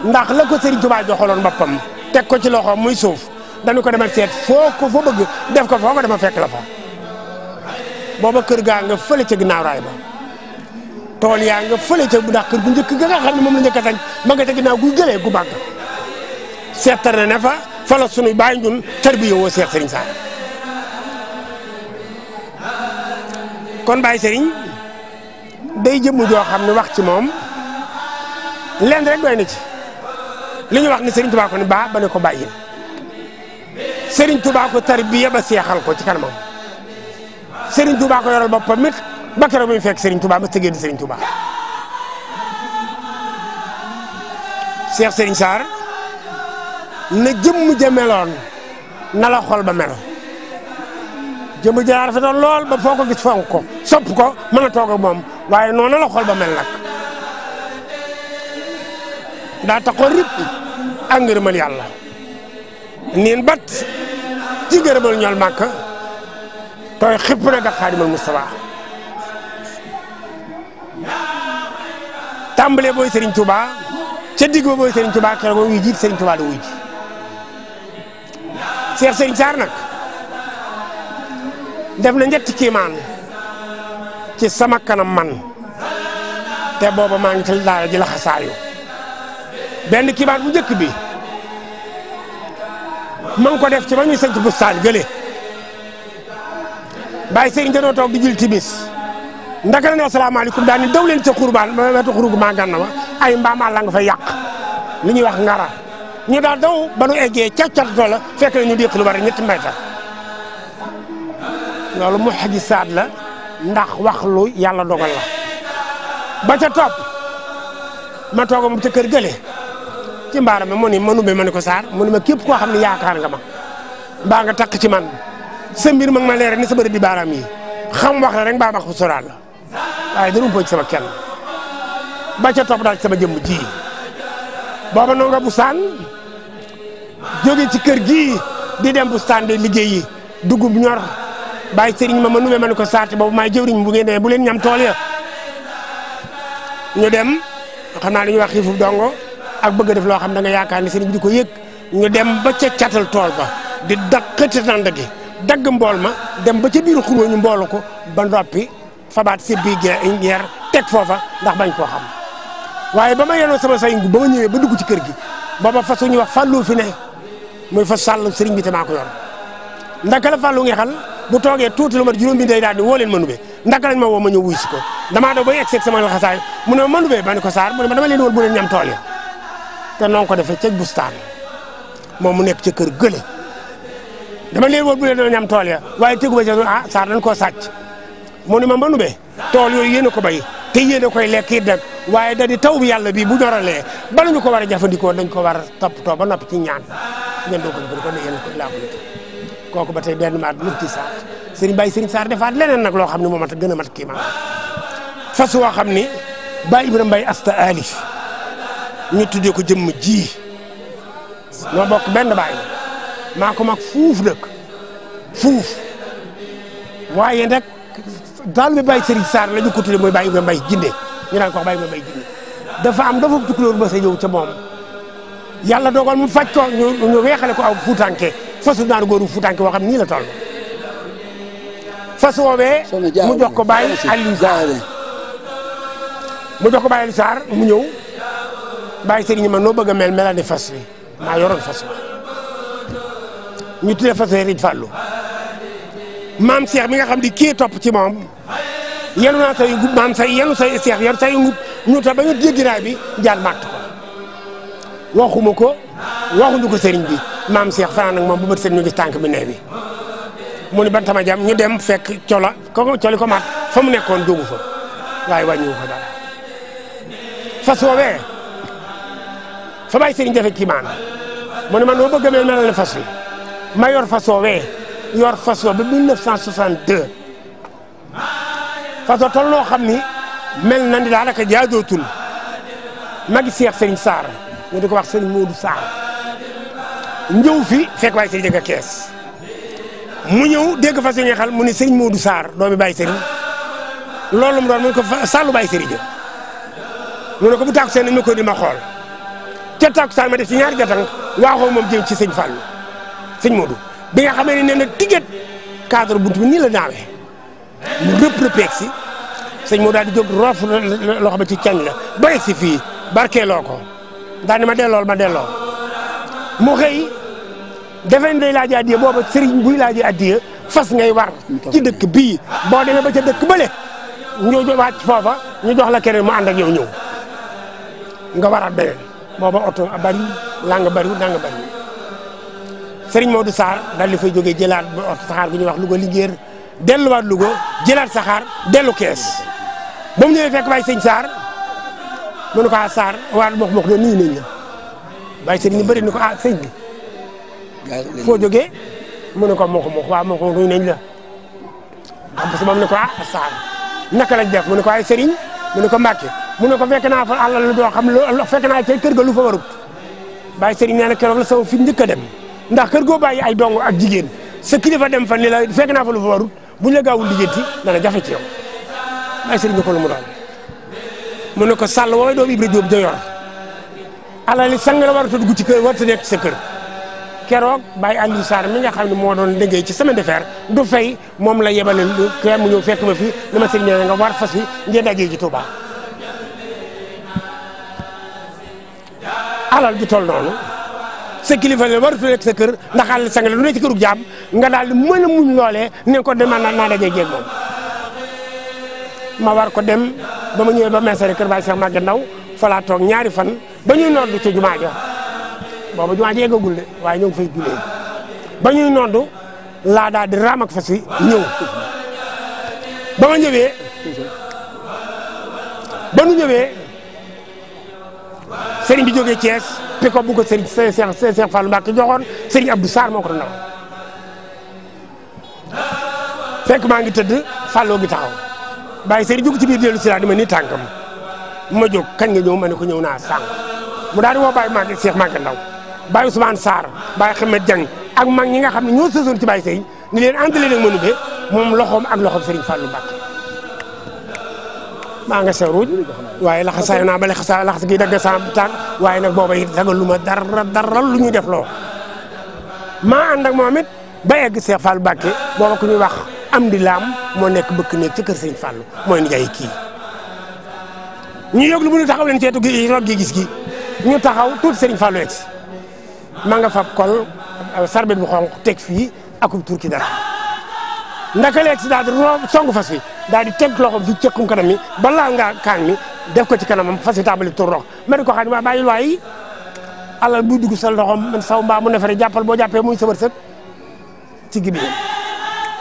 ndax la ko Serigne Touba joxaloon boppam teg ko ci loxo muy suuf dañu ko demal seet foo ko fa bëgg def ko foo ko dama fekk la fa booba kër gaa nga fële ca ginnaaw raay ba tool yaa nga fële ca ndax kër gu njëkk ga nga xam ne moom la njëkk a sañ ma nga ca ginnaaw guy gëlee gu màgg seetal na ne fa fa sunuy baay ñun tër bi yow woo Seex Serigne Sall kon Baye sëriñ day jëmm joo xam ne wax ci moom lenn rek doy na ci li ñu wax ni Serigne Touba ko ni baa ba ne ko bàyyi Serigne Touba ko tarbiya ba seexal ko ci kanamam sëriñ Touba ko yoral boppam ba keroog bi mu fekk Serigne Touba ba tëggee di Serigne Touba. Cheikh Serigne Sarr na jëmm ja meloon na la xol ba melo jëmm jaar rafet lool ba foo ko gis fonk ko sopp ko mën a toog ak moom waaye noonu la xol ba mel nag daa taxaw rip ak ngërëmal yàlla niin bat ci ngërëmal ñool tooy xipp nag xaadimal Mustafa tàmbalee booy Serigne Touba ca digg ba booy Serigne Touba keroog moo ngi jiit Serigne di wuy ji Cheikh Serigne nag. def na ñetti kiimaan ci sama kanam man te booba maa ngi ci daara ji la benn kiimaan bu njëkk bi man ko def ci ba ñuy sëñ bustaan gële bàyyi sëriñ danoo toog di jël timis ndaka la ne asalaamaaleykum daal ni daw leen ca xurbaan ma wetu xurug maa gànna ma ay mbaam àll nga fa yàq li ñuy wax ngara ñu daal daw ba nu eggee ca cat la fekk na ñu déq lu bari ñetti mbayta loolu mu xaji saat la ndax wax lu yàlla dogal la ba ca topp ma tooga moom ca kër gële ci mbaara ma mu ni ma nubbe ma ni ko saar mu ni ma képp koo xam ne yaakaar nga ma mbaa nga takk ci man sa mbir ma ma leer ni sa bëri di baaraam yi xam wax la rek mbaa wax bu soraal la waaye dara umpoo ci sama kenn ba ca topp daal ci sama jëmm ji booba noo nga bu saan jóge ci kër gii di dem bu saan di liggéeyi dugub ñor bàyyi sëriñ ma ma nume ma ne ko saate boobu maay jëwriñ bu ngeen demee bu leen ñam tool ya ñu dem xam naa li ñuy wax xiifu dongo ak bëgg def loo xam da nga yaakaar ni sëriñ bi di ko yëg ñu dem ba ca catal tool ba di dagg xëtitand gi dagg mbool ma dem ba ca biir xuroo ñu ko ba noppi fabaat si bii ñeer teg foofa ndax bañ koo xam waaye ba ma yenoo sama sayingu ba ma ñëwee ba dugg ci kër gi booba fasu ñu wax fàllu fi ne muy fas sàll sëriñ bi te maa yor ndaka la fàllu bu toogee tuuti lu mat juróom bi day daal di woo leen Manoumbe ndaka lañ ma woo ma ñëw wuy si ko damaa daw bay egg seeg sama laxasaay mu ne ma Manoumbe ma ne ko Sarr mu ne ma dama leen woon bu leen ñam tool ya te noonu ko defee ca bustaan moom mu nekk ca kër gële dama leen woon bu leen ñam tool ya waaye tegu ba ca ah Sarr dañ koo sàcc mu ne ma Manoumbe tool yooyu yéen a ko bay te yéen a koy lekk it nag waaye da di taw bi yàlla bii bu ñoralee bala ñu ko war a jëfandikoo dañ ko war a toppatoo ba noppi ci ñaan ngeen doog a ko ne a kooku ba tey benn maat mukki saat sëriñ bay sëriñ Sarr defaat leneen na loo xam ne moom mat gën a mat kii ma fas woo xam ni bay Ibrahima Mbaye asta alif ñu tuddee ko jëmm ji noo bokk benn baay maa ko mag fuuf nag fuuf waaye nag daal bi Baye Serigne Sarr la ñu ko tuddee mooy Baye Ibrahima mbay jinde ñu naan ko wax Baye Ibrahima jinde dafa am dafa tukulóor ba sa ñëw ca moom yàlla dogal mu faj ko ñu weexale ko aw fuutànke fasu naar góoru xam nii la toll fas woowee mu jox ko bàyyi Aliou mu jox ko bàyyi Aliou ñëw bàyyi sëriñ ma noo bëgg a mel melal fas wi maa yoroon fas wi ñu tuddee fas wi Riij Fàllu maam Cheikh mi nga xam di kii topp ci moom yenu naa say ngub maam say yenu say Cheikh yor say ngub ñu ta ba ñu jéggi bi jaan màtt ko waxuma ko waxuñu ko sëriñ bi maam seex fanaan ak moom bu bët seen ñu gis tànk bi nee bi mu ni ñu dem fekk cola ko coli ko maat fa mu nekkoon jógu fa waaye wàññiwu ko dara fas woowee fa bàyyi sëriñ jafe kiimaan mu ne man boo bëgg mel melal ne fas wi ma yor fas woowee yor fas woo ba 1962 fas woo tol noo xam ni mel na ni daanaka jaadootul magi Seex sëriñ Sarr ñu di ko wax sëriñ Moodu Sarr njëw fi fekk bàyyi sëriñ nga kees mu ñëw dégg fa sëriñ xal mu ne moodu Modou Sarr doomi bàyyi sëriñ loolu mu doon ko salu bàyyi sëriñ mu ne ko bu tàkku seen nañ ma koy di ma xool ca tàkku saan ma def ci ñaari jatang waaxoo moom jëm ci sëñ Fallou sëñ moodu bi nga xamee ne nee na tiget cadre buntu bi nii la naawee mu rëpp rëppeeg si sëñ Modou daal di jóg roof loo xam ne ci cañ la ba egg si fii barkeeloo ko daal ni ma delloo ma delloo. mu xëy defe nañ day laajee addiya booba sëriñ buy laajee addiya fas ngay war ci dëkk bii boo demee ba ca dëkk bële ñu wàcc foofa ñu jox la keneen mu ànd ak yow ñëw nga waraat beneen booba oto a bari laa nga bari naa nga bari sëriñ Modou Sarr daal di fay jóge jëlaat ba oto saxaar gu ñuy wax Louga liggéer delluwaat Louga jëlaat saxaar dellu kees ba mu ñëwee fekk bay sëñ Sarr mënu ko ah Sarr waa mboq mboq ne nuyu nañ la bàyyi sëriñ ñu bëri ni ko ah sëñ bi. foo jógee mu ne ko moo ko moo ko ko nañ la. am parce que moom ne ah saar naka lañ def mu ne ko ay sëriñ mu ne ko Mbàkke mun ne ko fekk naa fa àll lu doo xam loo fekk naa kër ga lu fa warut bàyyi sëriñ nee na keroog la sama fi njëkk a dem ndax kër goo bàyyi ay dong ak jigéen sa kilifa dem fa ni la fekk naa fa lu fa warut buñ la gaawul liggéenti dana jafe ci yow bàyyi sëriñ ne ko lu mu doon mu ne ko sàll woo doom Ibra Jóob ja yor alali sang la war a dugg ci kër war a nekk sa kër keroog Baye Aliou Sarr mi nga xam ne moo doon liggéey ci semaine de fer du fay moom la yebale kër mu ñëw fekk ma fi li ma sëñ war fas yi ngeen dajee ji Touba alal ju toll noonu sa kilifa la sa kër ndax alal lu ne ci këru jaam nga daal di a muñ loolee ne ko demal naa naa moom ma war ko dem ba ma ñëwee ba meesare kër Baye Cheikh Maguette Ndaw fa toog ñaari fan ba ñuy noddu ci jumaa ja boobu jumaa ji yeggagul de waaye ñoo ngi fay ñuy noddu laa daal di raam ak fas ñëw ba ma ñëwee ba nu ñëwee sëriñ bi jógee Thiès te ko bu ko sëriñ Seex Seex Fallu Mbàkke joxoon sëriñ Abdou Sarr moo ko doon fekk maa ngi tëdd fàlloo gi taxaw bàyyi sëriñ jóg ci biir dellu si laa ma nii tànkam. bu ma jóg kañ nga ñëw ma ne ko ñëw naa sànq mu daal di woo Baye Maguette Cheikh Maguette Ndaw Baye Ousmane Sarr Baye Xamed Dieng ak mag ñi nga xam ne ñoo sësoon ci Baye Seye ni leen àndalee nag ma nubee moom loxoom ak loxoom Serigne Fallou Mbacké maa nga sew ruuj waaye laxasaayu naa ba laxasa laxas gi dagg sa tànk waaye nag booba it ragalu ma dara dara lu ñuy def loo maa ànd ak moom it ba egg Cheikh Fallou Mbacké booba ku ñuy wax am di laam moo nekk bëkk nekk ci kër Serigne mooy kii ñu yëglu mu nu taxaw leen ceetu gi roog gi gis gi ñu taxaw tuuti Serigne Fallou egg si ma nga fab kol euh, sarbet bu xonq teg fii akub tur ki dara ndaka leeg si daal di roog song fas wi daal di teg loxoom fi cëkkum kanam mi ba laal nga mi def ko ci kanamam fas wi tàmbali tur rox ma ko xam waa bàyyil waay alal buy dugg sa saw mbaa mu nefere jàppal boo jàppee muy sa wërsëg ci gi bi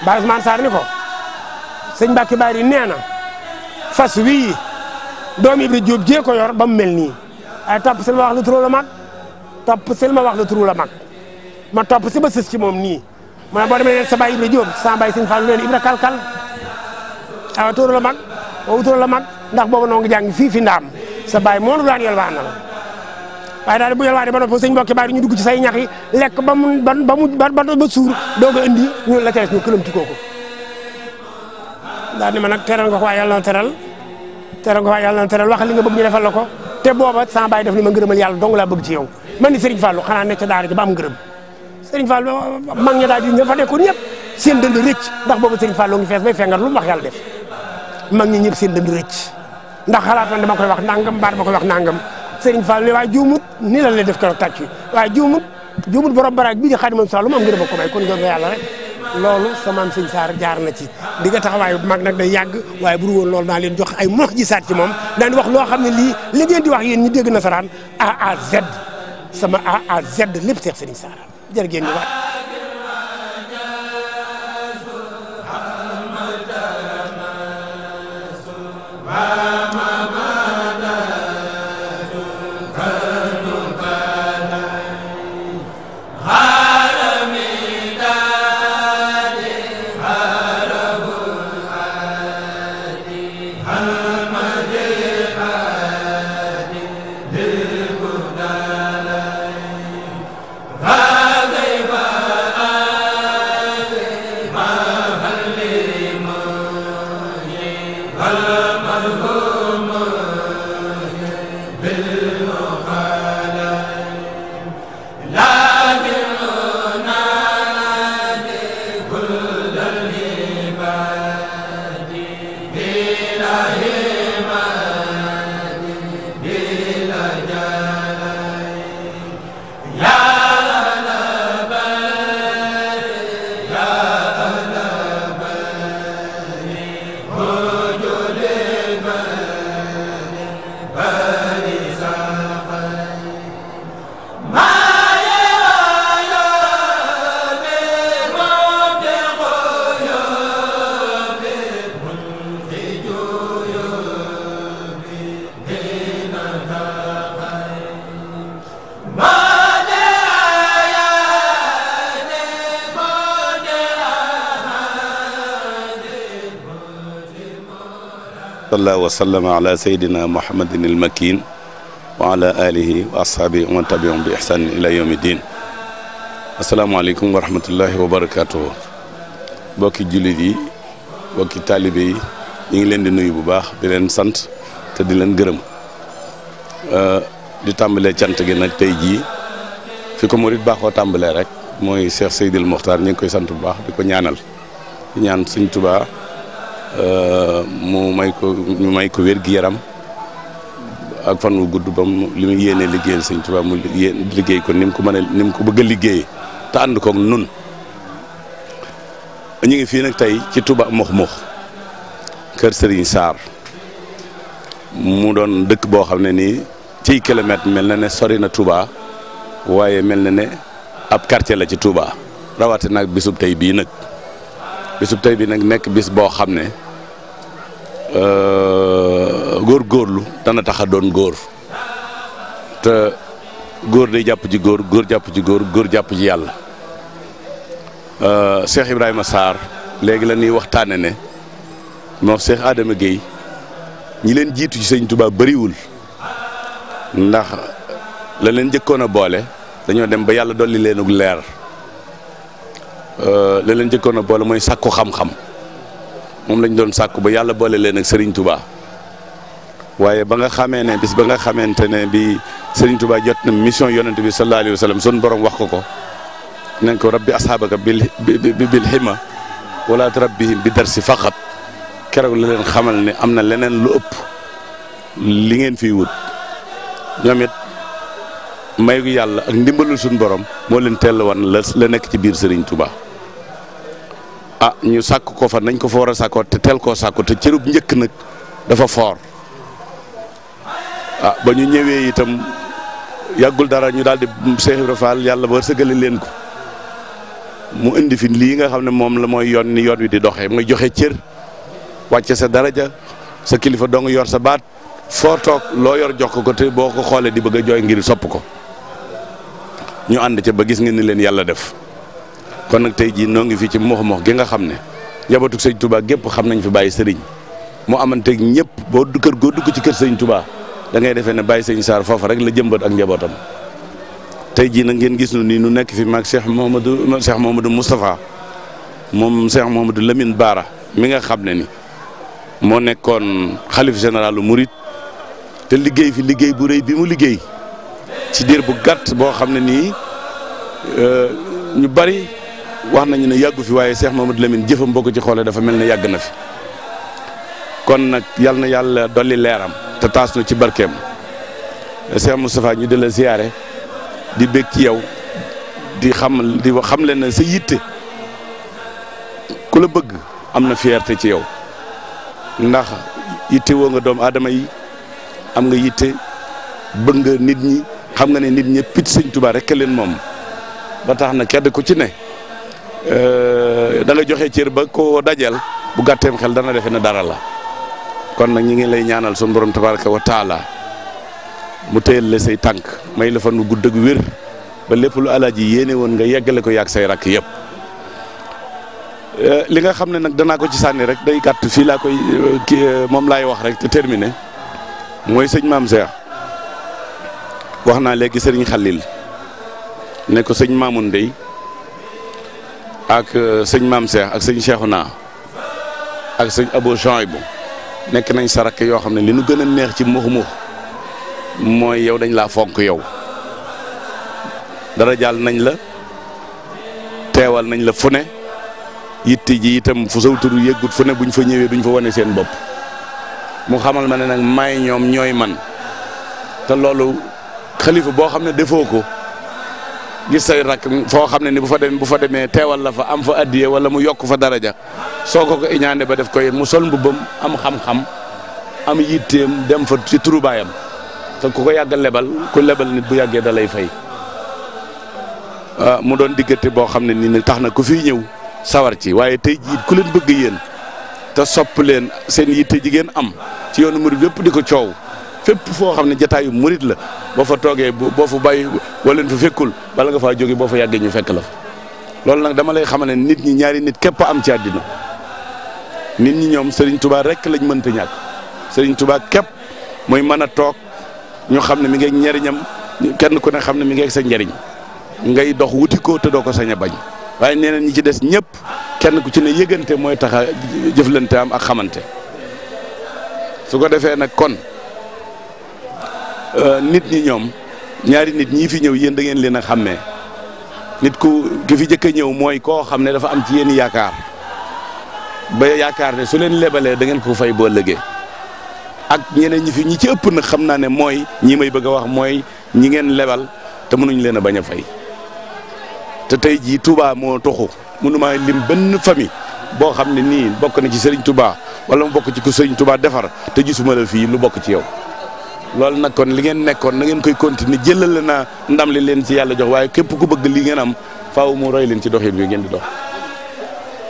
Baye Ousmane Sarr ni ko sëñ Mbacke Bari nee na fas wii doomu Ibra Diop jee ko ba mu mel nii ay topp si ma wax lu turu la mag topp si ma wax lu turu la mag ma topp si ba sës ci moom nii mu ne boo demee ne sa baay Ibra Diop sa baay Sëñ Fall leen Ibra kalkal awa turu la mag woowu turu la mag ndax boobu noo ngi jàng fii fi ndaam sa baay moo nu daan yelwaanal waaye daal bu yelwaanee ba noppi sëñ mbokki baay ñu dugg ci say ñax yi lekk ba mu ba mu ba ba suur doog a indi ñun la ca des ñu këlëm ci kooku ma nag teral nga ko yàlla na teral tere nga fa yàlla na tere wax li nga bëgg ñu defal la ko te booba sama baay def ni ma ngërëmal yàlla dong laa bëgg ci yow man ni Serigne Fallou xanaa nekk daara ji ba am ngërëm Serigne Fallou mag ña daal di ña fa nekkoon ñëpp ndax booba Serigne Fallou koy wax nangam baar ma koy wax nangam Serigne Fallou ne waaye juumut ni lan la def keroog tàcc waaye juumut juumut borom baraag bii di Xaadimu Rasuul lu mu am ngërëm ko may kon ngërëm yàlla rek loolu samaan sëñ Saar jaar na ci di nga taxawaay bu mag nag day yàgg waaye bu woon loolu naa leen jox ay mox ji saat ci moom daan wax loo xam ne lii li ngeen di wax yéen ñi dégg nasaraan A à Z sama A lépp seex sëriñ Saar jërë ngeen di waat waaw wa sallama ala sayyidina muhammadin il makin wa ala alihi wa ashaabi wa man tabi'ahum bi ihsan ila yawmi din asalaamaaleykum wa rahmatullahi wa barakaatuhu bokki jullit yi bokki taalibe yi ñu ngi leen di nuyu bu baax di leen sant te di leen gërëm euh, di tàmbalee cant gi nag tey jii fi ko murit baaxoo tàmbalee rek mooy Cheikh Seydil Mokhtar ñu ngi koy sant bu baax di ko ñaanal di ñaan Sëñ Tuubaa Euh, mu may ko ñu may ko wér gi yaram ak fan gudd ba mu li mu yéene liggéeyal siñ Tuubaa mu liggéey ko ni mu ko mën a ni mu ko bëgg liggéey te ànd koog nun ñu ngi fii nag tey ci tubaa Mokh Mokh kër Serigne Sarr mu doon dëkk boo xam ne nii ciy kilomètre mel na ne sori na tubaa waaye mel na ne ab quartier la ci Touba rawatina nag bisub tey bii nag bisub tey bii nag nekk bis boo xam ne. Euh, góor góorlu dana tax a doon góor te góor day jàpp ci góor góor jàpp ci góor góor jàpp ci yàlla euh, Cheikh Ibrahima saar léegi la ñuy waxtaane ne moo Cheikh Adama Guèye ñi leen jiitu ci sëñ Tuubaa bariwul ndax la leen njëkkoon a boole dañoo dem ba yàlla dolli leenug leer euh, la leen njëkkoon a boole mooy sàkku xam-xam moom lañu doon sàkku ba yàlla boole leen ak sëriñ tubaa waaye ba nga xamee ne bis ba nga xamante ne bi Serigne Touba jot na mission yonent bi sallallahu alayhi wa sallam sun borom wax ko ko nañ ko rabbi asxaabaka bil bil xima wala rab bi darsi faqat keroog la leen xamal ne am na leneen lu ëpp li ngeen fiy wut ñoom it mayu yàlla ak ndimbalul suñu borom moo leen teel wan la nekk ci biir sëriñ tubaa ah ñu sàkk ko fa nañ ko fa war a sàkkoo te teel koo sàkko te cërub njëkk nag dafa foor ah, ba ñu ñëwee itam yàggul dara ñu daal di Cheikh Ibra Fall yàlla ba sëgale leen ko mu indi fi lii nga xam ne moom la mooy yoon ni yoon wi di doxee mooy joxe cër wàcce sa daraja sa kilifa dong yor sa baat foo toog loo yor jox ko te boo ko xoolee di bëgg a jooy ngir sopp ko ñu ànd ca ba gis ngeen ni leen yàlla def kon nag tey jii noo ngi fi ci mox mox gi nga xam ne njabootu sëñ Touba gépp xam nañ fi bàyyi sëriñ mu amanteeg ñëpp boo du kër goo dugg ci kër sëñ tubaa dangay ngay defee ne bàyyi sëñ Saar foofa rek la jëmbat ak njabootam. tey jii nag ngeen gis nu nii nu nekk fii maag Cheikh Mouhamadou Cheikh Mouhamadou Moustapha moom Cheikh Mouhamadou lemin Baara mi nga xam ne ni moo nekkoon xalif général murit te liggéey fi liggéey bu réy bi mu liggéey ci diir bu gàtt boo xam ne nii euh, ñu bari. wax nañu ne yàggu fi waaye Cheikh Mamadou Lamine jëfam boo ko ci xoolee dafa mel ne yàgg na fi kon nag yal na yàlla dolli leeram te taas na ci barkeem Cheikh Moustapha ñu di la ziyaare di bég ci yow di xam di xam leen ne sa yitte ku la bëgg am na fierté ci yow ndax yitte woo nga doomu aadama yi am nga yitte bëgg nga nit ñi xam nga ne nit ñëpp it sëñ Tuubaa rekk leen moom ba tax na kenn ku ci ne. Euh, da nga joxe cër ba ko dajal bu gàtteem xel dana defe na dara la kon nag ñi ngi lay ñaanal sun borom tabaraka wa taala mu téyel la say tànk may la fan gudd gu wér ba lépp lu ji yéene woon nga yeggale ko yaag say rakk yëpp euh, li nga xam ne nag danaa ko ci sànni rek day gàtt fii laa koy euh, moom laay wax rek te termine mooy sëñ maam Cheikh wax naa léegi sëriñ Xalil ne ko sëñ Maamun dey Euh, ak sëñ maam Cheikh ak sëñ naa ak sëñ Abou Chouaïbou nekk nañ sarak yoo xam ne li nu gën a neex ci muux muux mooy yow dañ laa fonk yow dara jàll nañ la teewal nañ la fu ne yitti ji itam fu saw turu fu ne buñ fa ñëwee duñ fa wane seen bopp mu xamal ma ne nag may ñoom ñooy man te loolu xalifa boo xam ne defoo ko gis say rakk foo xam ne ni bu fa dem bu fa demee teewal la fa am fa addiye wala mu yokk fa daraja soo ko ko iñaane ba def koy mu sol mbubbam am xam-xam am yitteem dem fa ci turubaayam te ku ko yàgg lebal ku lebal nit bu yàggee da lay fay ah, mu doon diggante boo xam ne ni tax na ku fiy ñëw sawar ci waaye tey jii ku leen bëgg yéen te sopp leen seen yitte jigéen am ci yoonu murid yëpp di ko coow fépp foo xam ne jataayu murit la boo fa toogee boo fa bàyyi boo leen fa fekkul bala nga faa jóge boo fa yàggee ñu fekk la fa loolu nag dama lay xamal ne nit ñi ñaari nit képp am ci àddina nit ñi ñoom sëriñ tubaa rek lañ mënta ñàkk Serigne Touba képp mooy mën a toog ñu xam ne mi ngi njariñam kenn ku ne xam ne mi ngi sa njariñ ngay dox wuti ko te doo ko sañ a bañ waaye ñeneen ñi ci des ñëpp kenn ku ci ne yëgante mooy tax a jëflante am ak xamante su ko defee nag kon. Euh, nit ñi ñoom ñaari nit ñi fi ñëw yéen dangeen leen a xàmmee nit ku ki fi jëkk ñëw mooy koo xam ne dafa am ci yéen yaakaar ba yaakaar ne su leen lebalee da ngeen ko fay boo lëgee ak ñeneen ñi fi ñi ci ëpp nag xam naa ne mooy ñii may bëgg a wax mooy ñi ngeen lebal te mënuñ leen a bañ a fay te tey jii Touba moo toxu mënumaa lim benn famille boo xam ne nii bokk na ci Serigne Touba wala mu bokk ci ko Serigne Touba defar te gisuma la fii lu bokk ci yow. loolu nag kon li ngeen nekkoon na ngeen koy continuer jëlale naa ndam li leen ci yàlla jox waaye képp ku bëgg li ngeen am faaw mu roy leen ci doxin bi ngeen di dox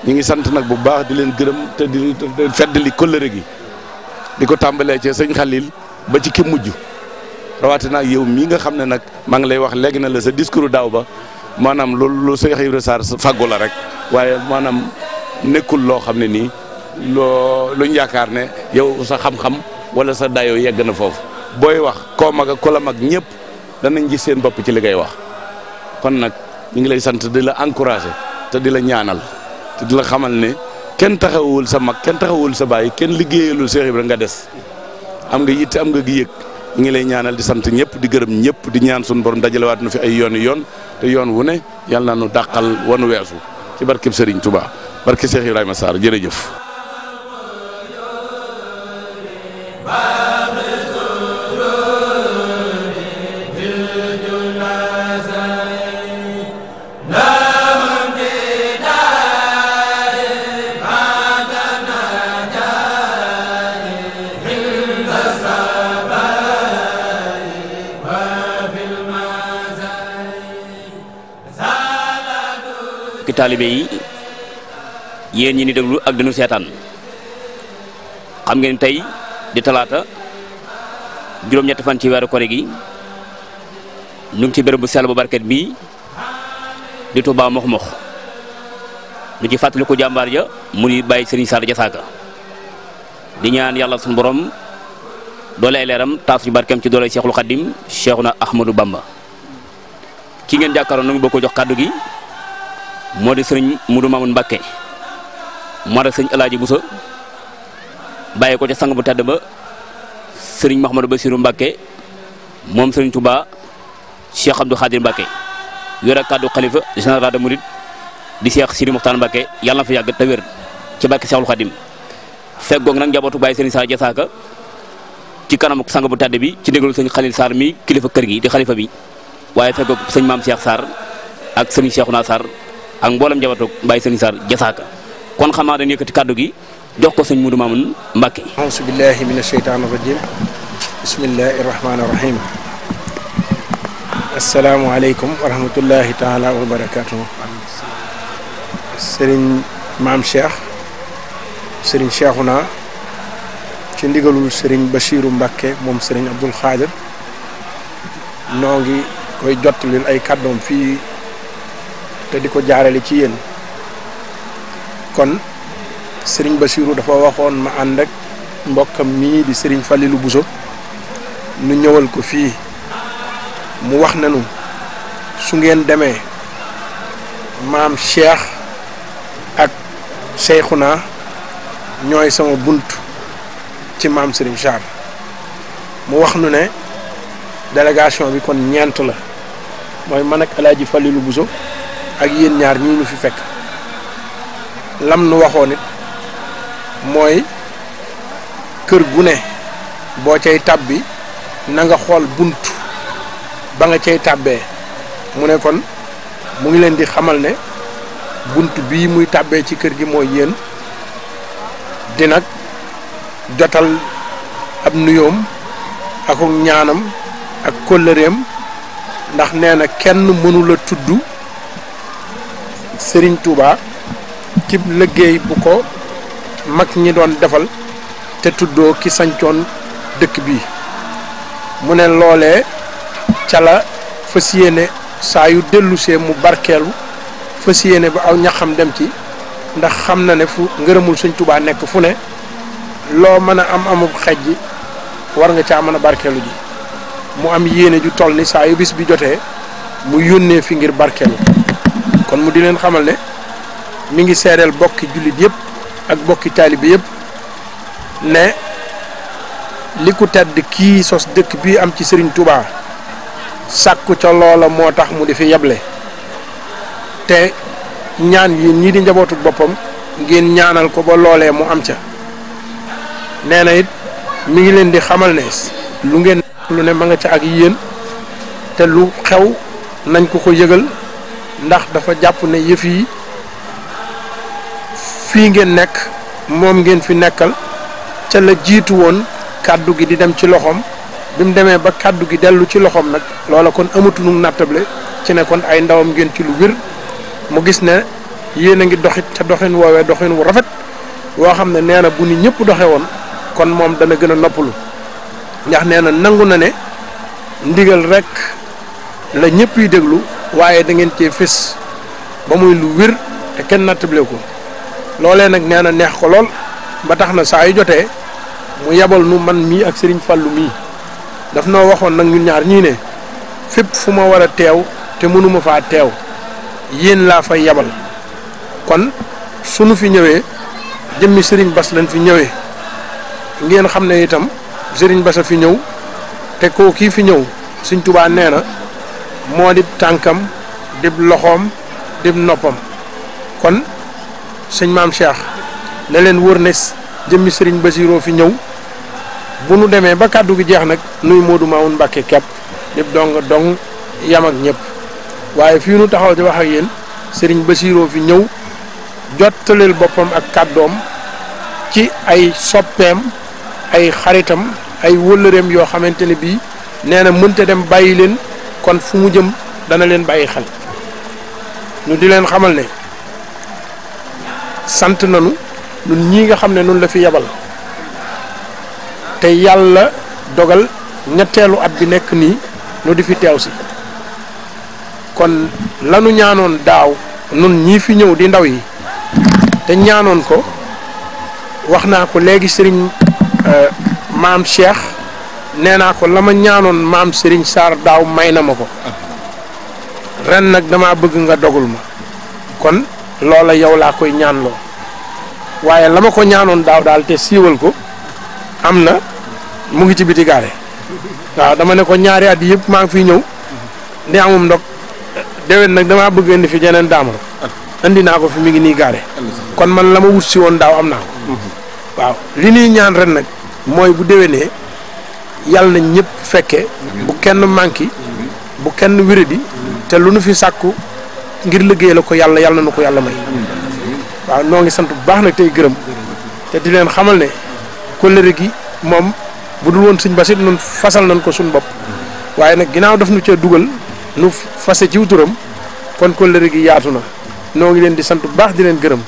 ñu ngi sant nag bu baax di leen gërëm te di feddali kóllëre gi di ko tàmbalee ci sëñ Xalil ba ci ki mujj rawatina ak yow mii nga xam ne nag maa ngi lay wax léegi na la sa discours daaw ba maanaam loolu lu Cheikh Ibrahima Sarr la rek waaye maanaam nekkul loo xam ne nii loo luñ yaakaar ne yow sa xam-xam wala sa dayoo yegg na foofu. booy wax koo mag ak la mag ñëpp danañ gis seen bopp ci li ngay wax kon nag ñu ngi lay sant di la encouragé te di la ñaanal te di la xamal ne kenn taxawul sa mag kenn taxawul sa baay kenn liggéeyalul Cheikh Ibra nga des am nga yitte am nga gi yëg ñu ngi lay ñaanal di sant ñëpp di gërëm ñëpp di ñaan suñu borom dajalewaat nu fi ay yoon yoon te yoon wu ne yàlla na nu dàqal wanu weesu ci barkeb Serigne Touba barke Cheikh Ibrahima Sarr jërëjëf. mbokki taalibe yi yéen ñi ni déglu ak dinu seetaan xam ngeen tey di talaata juróom-ñetti fan ci weeru kore gi nu ngi ci béréb bu bu barket bi di Touba Mokh Mokh nu ci fàttaliku jàmbaar ja mu ni bàyyi sëriñ Saar Jasaaka di ñaan yàlla suñu boroom doole ay leeram taas ñu barkeem ci doole Cheikhul Khadim Cheikhuna Ahmadou Bamba ki ngeen jàkkaaroon nu ngi boo jox kàddu gi moo di sëriñ Mudu Mamun Mbàkke moo rek sëriñ Alaaji Buso bàyyi ko ca sang bu tàdd ba sëriñ Mahamadou Basiru Mbàkke moom sëriñ Touba Cheikh Abdou Khadir Mbàkke yor ak kàddu xalifa général de Mouride di Cheikh Sidi Moxtaar Mbàkke yàlla na fa yàgg te wér ci Mbàkke Seexul Xadim fekk goog nag njabootu bàyyi sëriñ Saa Jasaaka ci kanam sang bu tàdd bi ci déglu sëñ Xalil Sarr mi kilifa kër gi di xalifa bi waaye fekk goog sëñ Maam Cheikh Sarr ak ak mboolem jabatoog Baye Serigne Sarr jasaaka kon xam naa dañ yëkkati kàddu gi jox ko sëñ Modou Mamoun Mbacké aousu billahi min bismillahi rahmani rahim asalaamaaleykum wa rahmatullahi taala wa barakatuhu sëriñ maam cheikh sëriñ Cheikhouna ci ndigalul sëriñ Bachirou Mbacké moom sëriñ Abdoul Khadir noo ngi koy jottalil ay kàddoom fii te di ko jaarale ci yéen kon sëriñ Basiiru dafa waxoon ma ànd ak mbokkam mii di sëriñ Falilu Buso nu ñëwal ko fii mu wax nanu su ngeen demee maam Cheikh ak Seyxuna ñooy sama bunt ci maam Serigne Char mu wax nu ne délégation bi kon ñeent la mooy man ak Alaaji Falilu Buso ak yéen ñaar ñii ñu fi fekk lam nu waxoon it mooy kër gu ne boo cay tàbbi nanga xool bunt ba nga cay tàbbee mu ne kon mu ngi leen di xamal ne bunt bii muy tàbbee ci kër gi mooy yéen di nag jotal ab nuyoom ak ñaanam ak kóllëreem ndax nee na kenn mënula tudd sëriñ Touba ci liggéey bu ko mag ñi doon defal te tuddoo ki sancoon dëkk bi mu ne loolee ca la fës yéene saa yu dellusee mu barkeelu fës yéene ba aw ñaxam dem ci ndax xam na ne fu ngërëmul Sëñ Touba nekk fu ne loo mën a am amub xejj war nga caa mën a barkeelu ji mu am yéene ju toll ni saa yu bis bi jotee mu yónnee fi ngir barkeelu kon mu di leen xamal ne mi ngi seereel bokki jullit yépp ak bokki taalibe yépp ne li ku tedd kii sos dëkk bi am ci sëriñ tubaa sàkku ca loola moo tax mu di fi yeble te ñaan yi ñii di njabootu boppam ngeen ñaanal ko ba loolee mu am ca nee na it mi ngi leen di xamal ne lu ngeen lu ne ma nga ca ak yéen te lu xew nañ ko ko yëgal ndax dafa jàpp ne yëf yi fii ngeen nekk moom ngeen fi nekkal ca la jiitu woon kàddu gi di dem ci loxoom bi mu demee ba kàddu gi dellu ci loxoom nag loola kon amatunu nattable ci ne kon ay ndawam ngeen ci lu wér mu gis ne yéen a ngi doxit ca doxin woowee doxin wu rafet woo xam ne nee bu ni ñëpp doxe woon kon moom dana gën a noppalu ndax nee na nangu na ne ndigal rekk la ñëpp yi déglu waaye da ngeen cee fés ba muy lu wér te kenn nattable ko loolee nag nee na neex ko lool ba tax na saa yu jotee mu yebal nu man mii ak Serigne Fallou mii daf noo waxoon nag ñun ñaar ñii ne fépp fu ma war a teew te mënuma faa teew yéen laa fa yebal kon sunu fi ñëwee jëmmi Serigne bas lañ fi ñëwee ngeen xam ne itam Serigne Bass a fi ñëw te koo kii fi ñëw Serigne Touba nee na. moo dib tànkam dib loxoom dib noppam kon sëñ maam Cheikh ne leen wër ne jëmmi sëriñ Basiroo fi ñëw bu nu demee ba kàddu gi jeex nag nuy Modou Mamoun Mbacke kepp dib dong dong yam ak ñëpp waaye fii nu taxaw di wax ak yéen sëriñ Basiroo fi ñëw jottaleel boppam ak kàddoom ci ay soppeem ay xaritam ay wëllëreem yoo xamante ne bii nee na mënta dem bàyyi leen. kon fu mu jëm dana leen bàyyi xel ñu di leen xamal ne sant nanu nun ñii nga xam ne nun la fi yabal te yàlla dogal ñetteelu at bi nekk nii nu di fi teew si kon lanu ñaanoon daaw nun ñii fi ñëw di ndaw yi te ñaanoon ko wax naa ko léegi sëriñ euh, maam Cheikh nee naa ko la ma ñaanoon maam Serigne Sarr daaw may na ma ko ren nag damaa bëgg nga dogul ma kon loola yow laa koy ñaanloo waaye la ma ko ñaanoon daaw daal te siiwal ko am na mu ngi ci biti gaare waaw dama ne ko ñaari at yëpp maa ngi fiy ñëw di amum ndog déwén nag damaa bëgg indi fi jeneen daamaro indi naa ko fi mu ngi nii gaare kon man la ma wut si woon daaw am naa ko mm-hmm. waaw li ñuy ñaan ren nag mooy bu déwénee yàlla nañ ñëpp fekke bu kenn manqué bu kenn wéradi te lu nu fi sàkku ngir liggéey la ko yàlla yàlla na ko yàlla may waaw noo ngi sant bu baax nag tey gërëm te di leen xamal ne kóllëre gi moom bu dul woon suñ basit nun fasal nañ ko suñ bopp waaye nag ginnaaw daf nu cee dugal nu fase ci wuturam kon kóllëre gi yaatu na noo ngi leen di sant bu baax di leen gërëm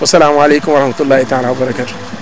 wasalaamaaleykum wa rahmatullahi taala wa barakatu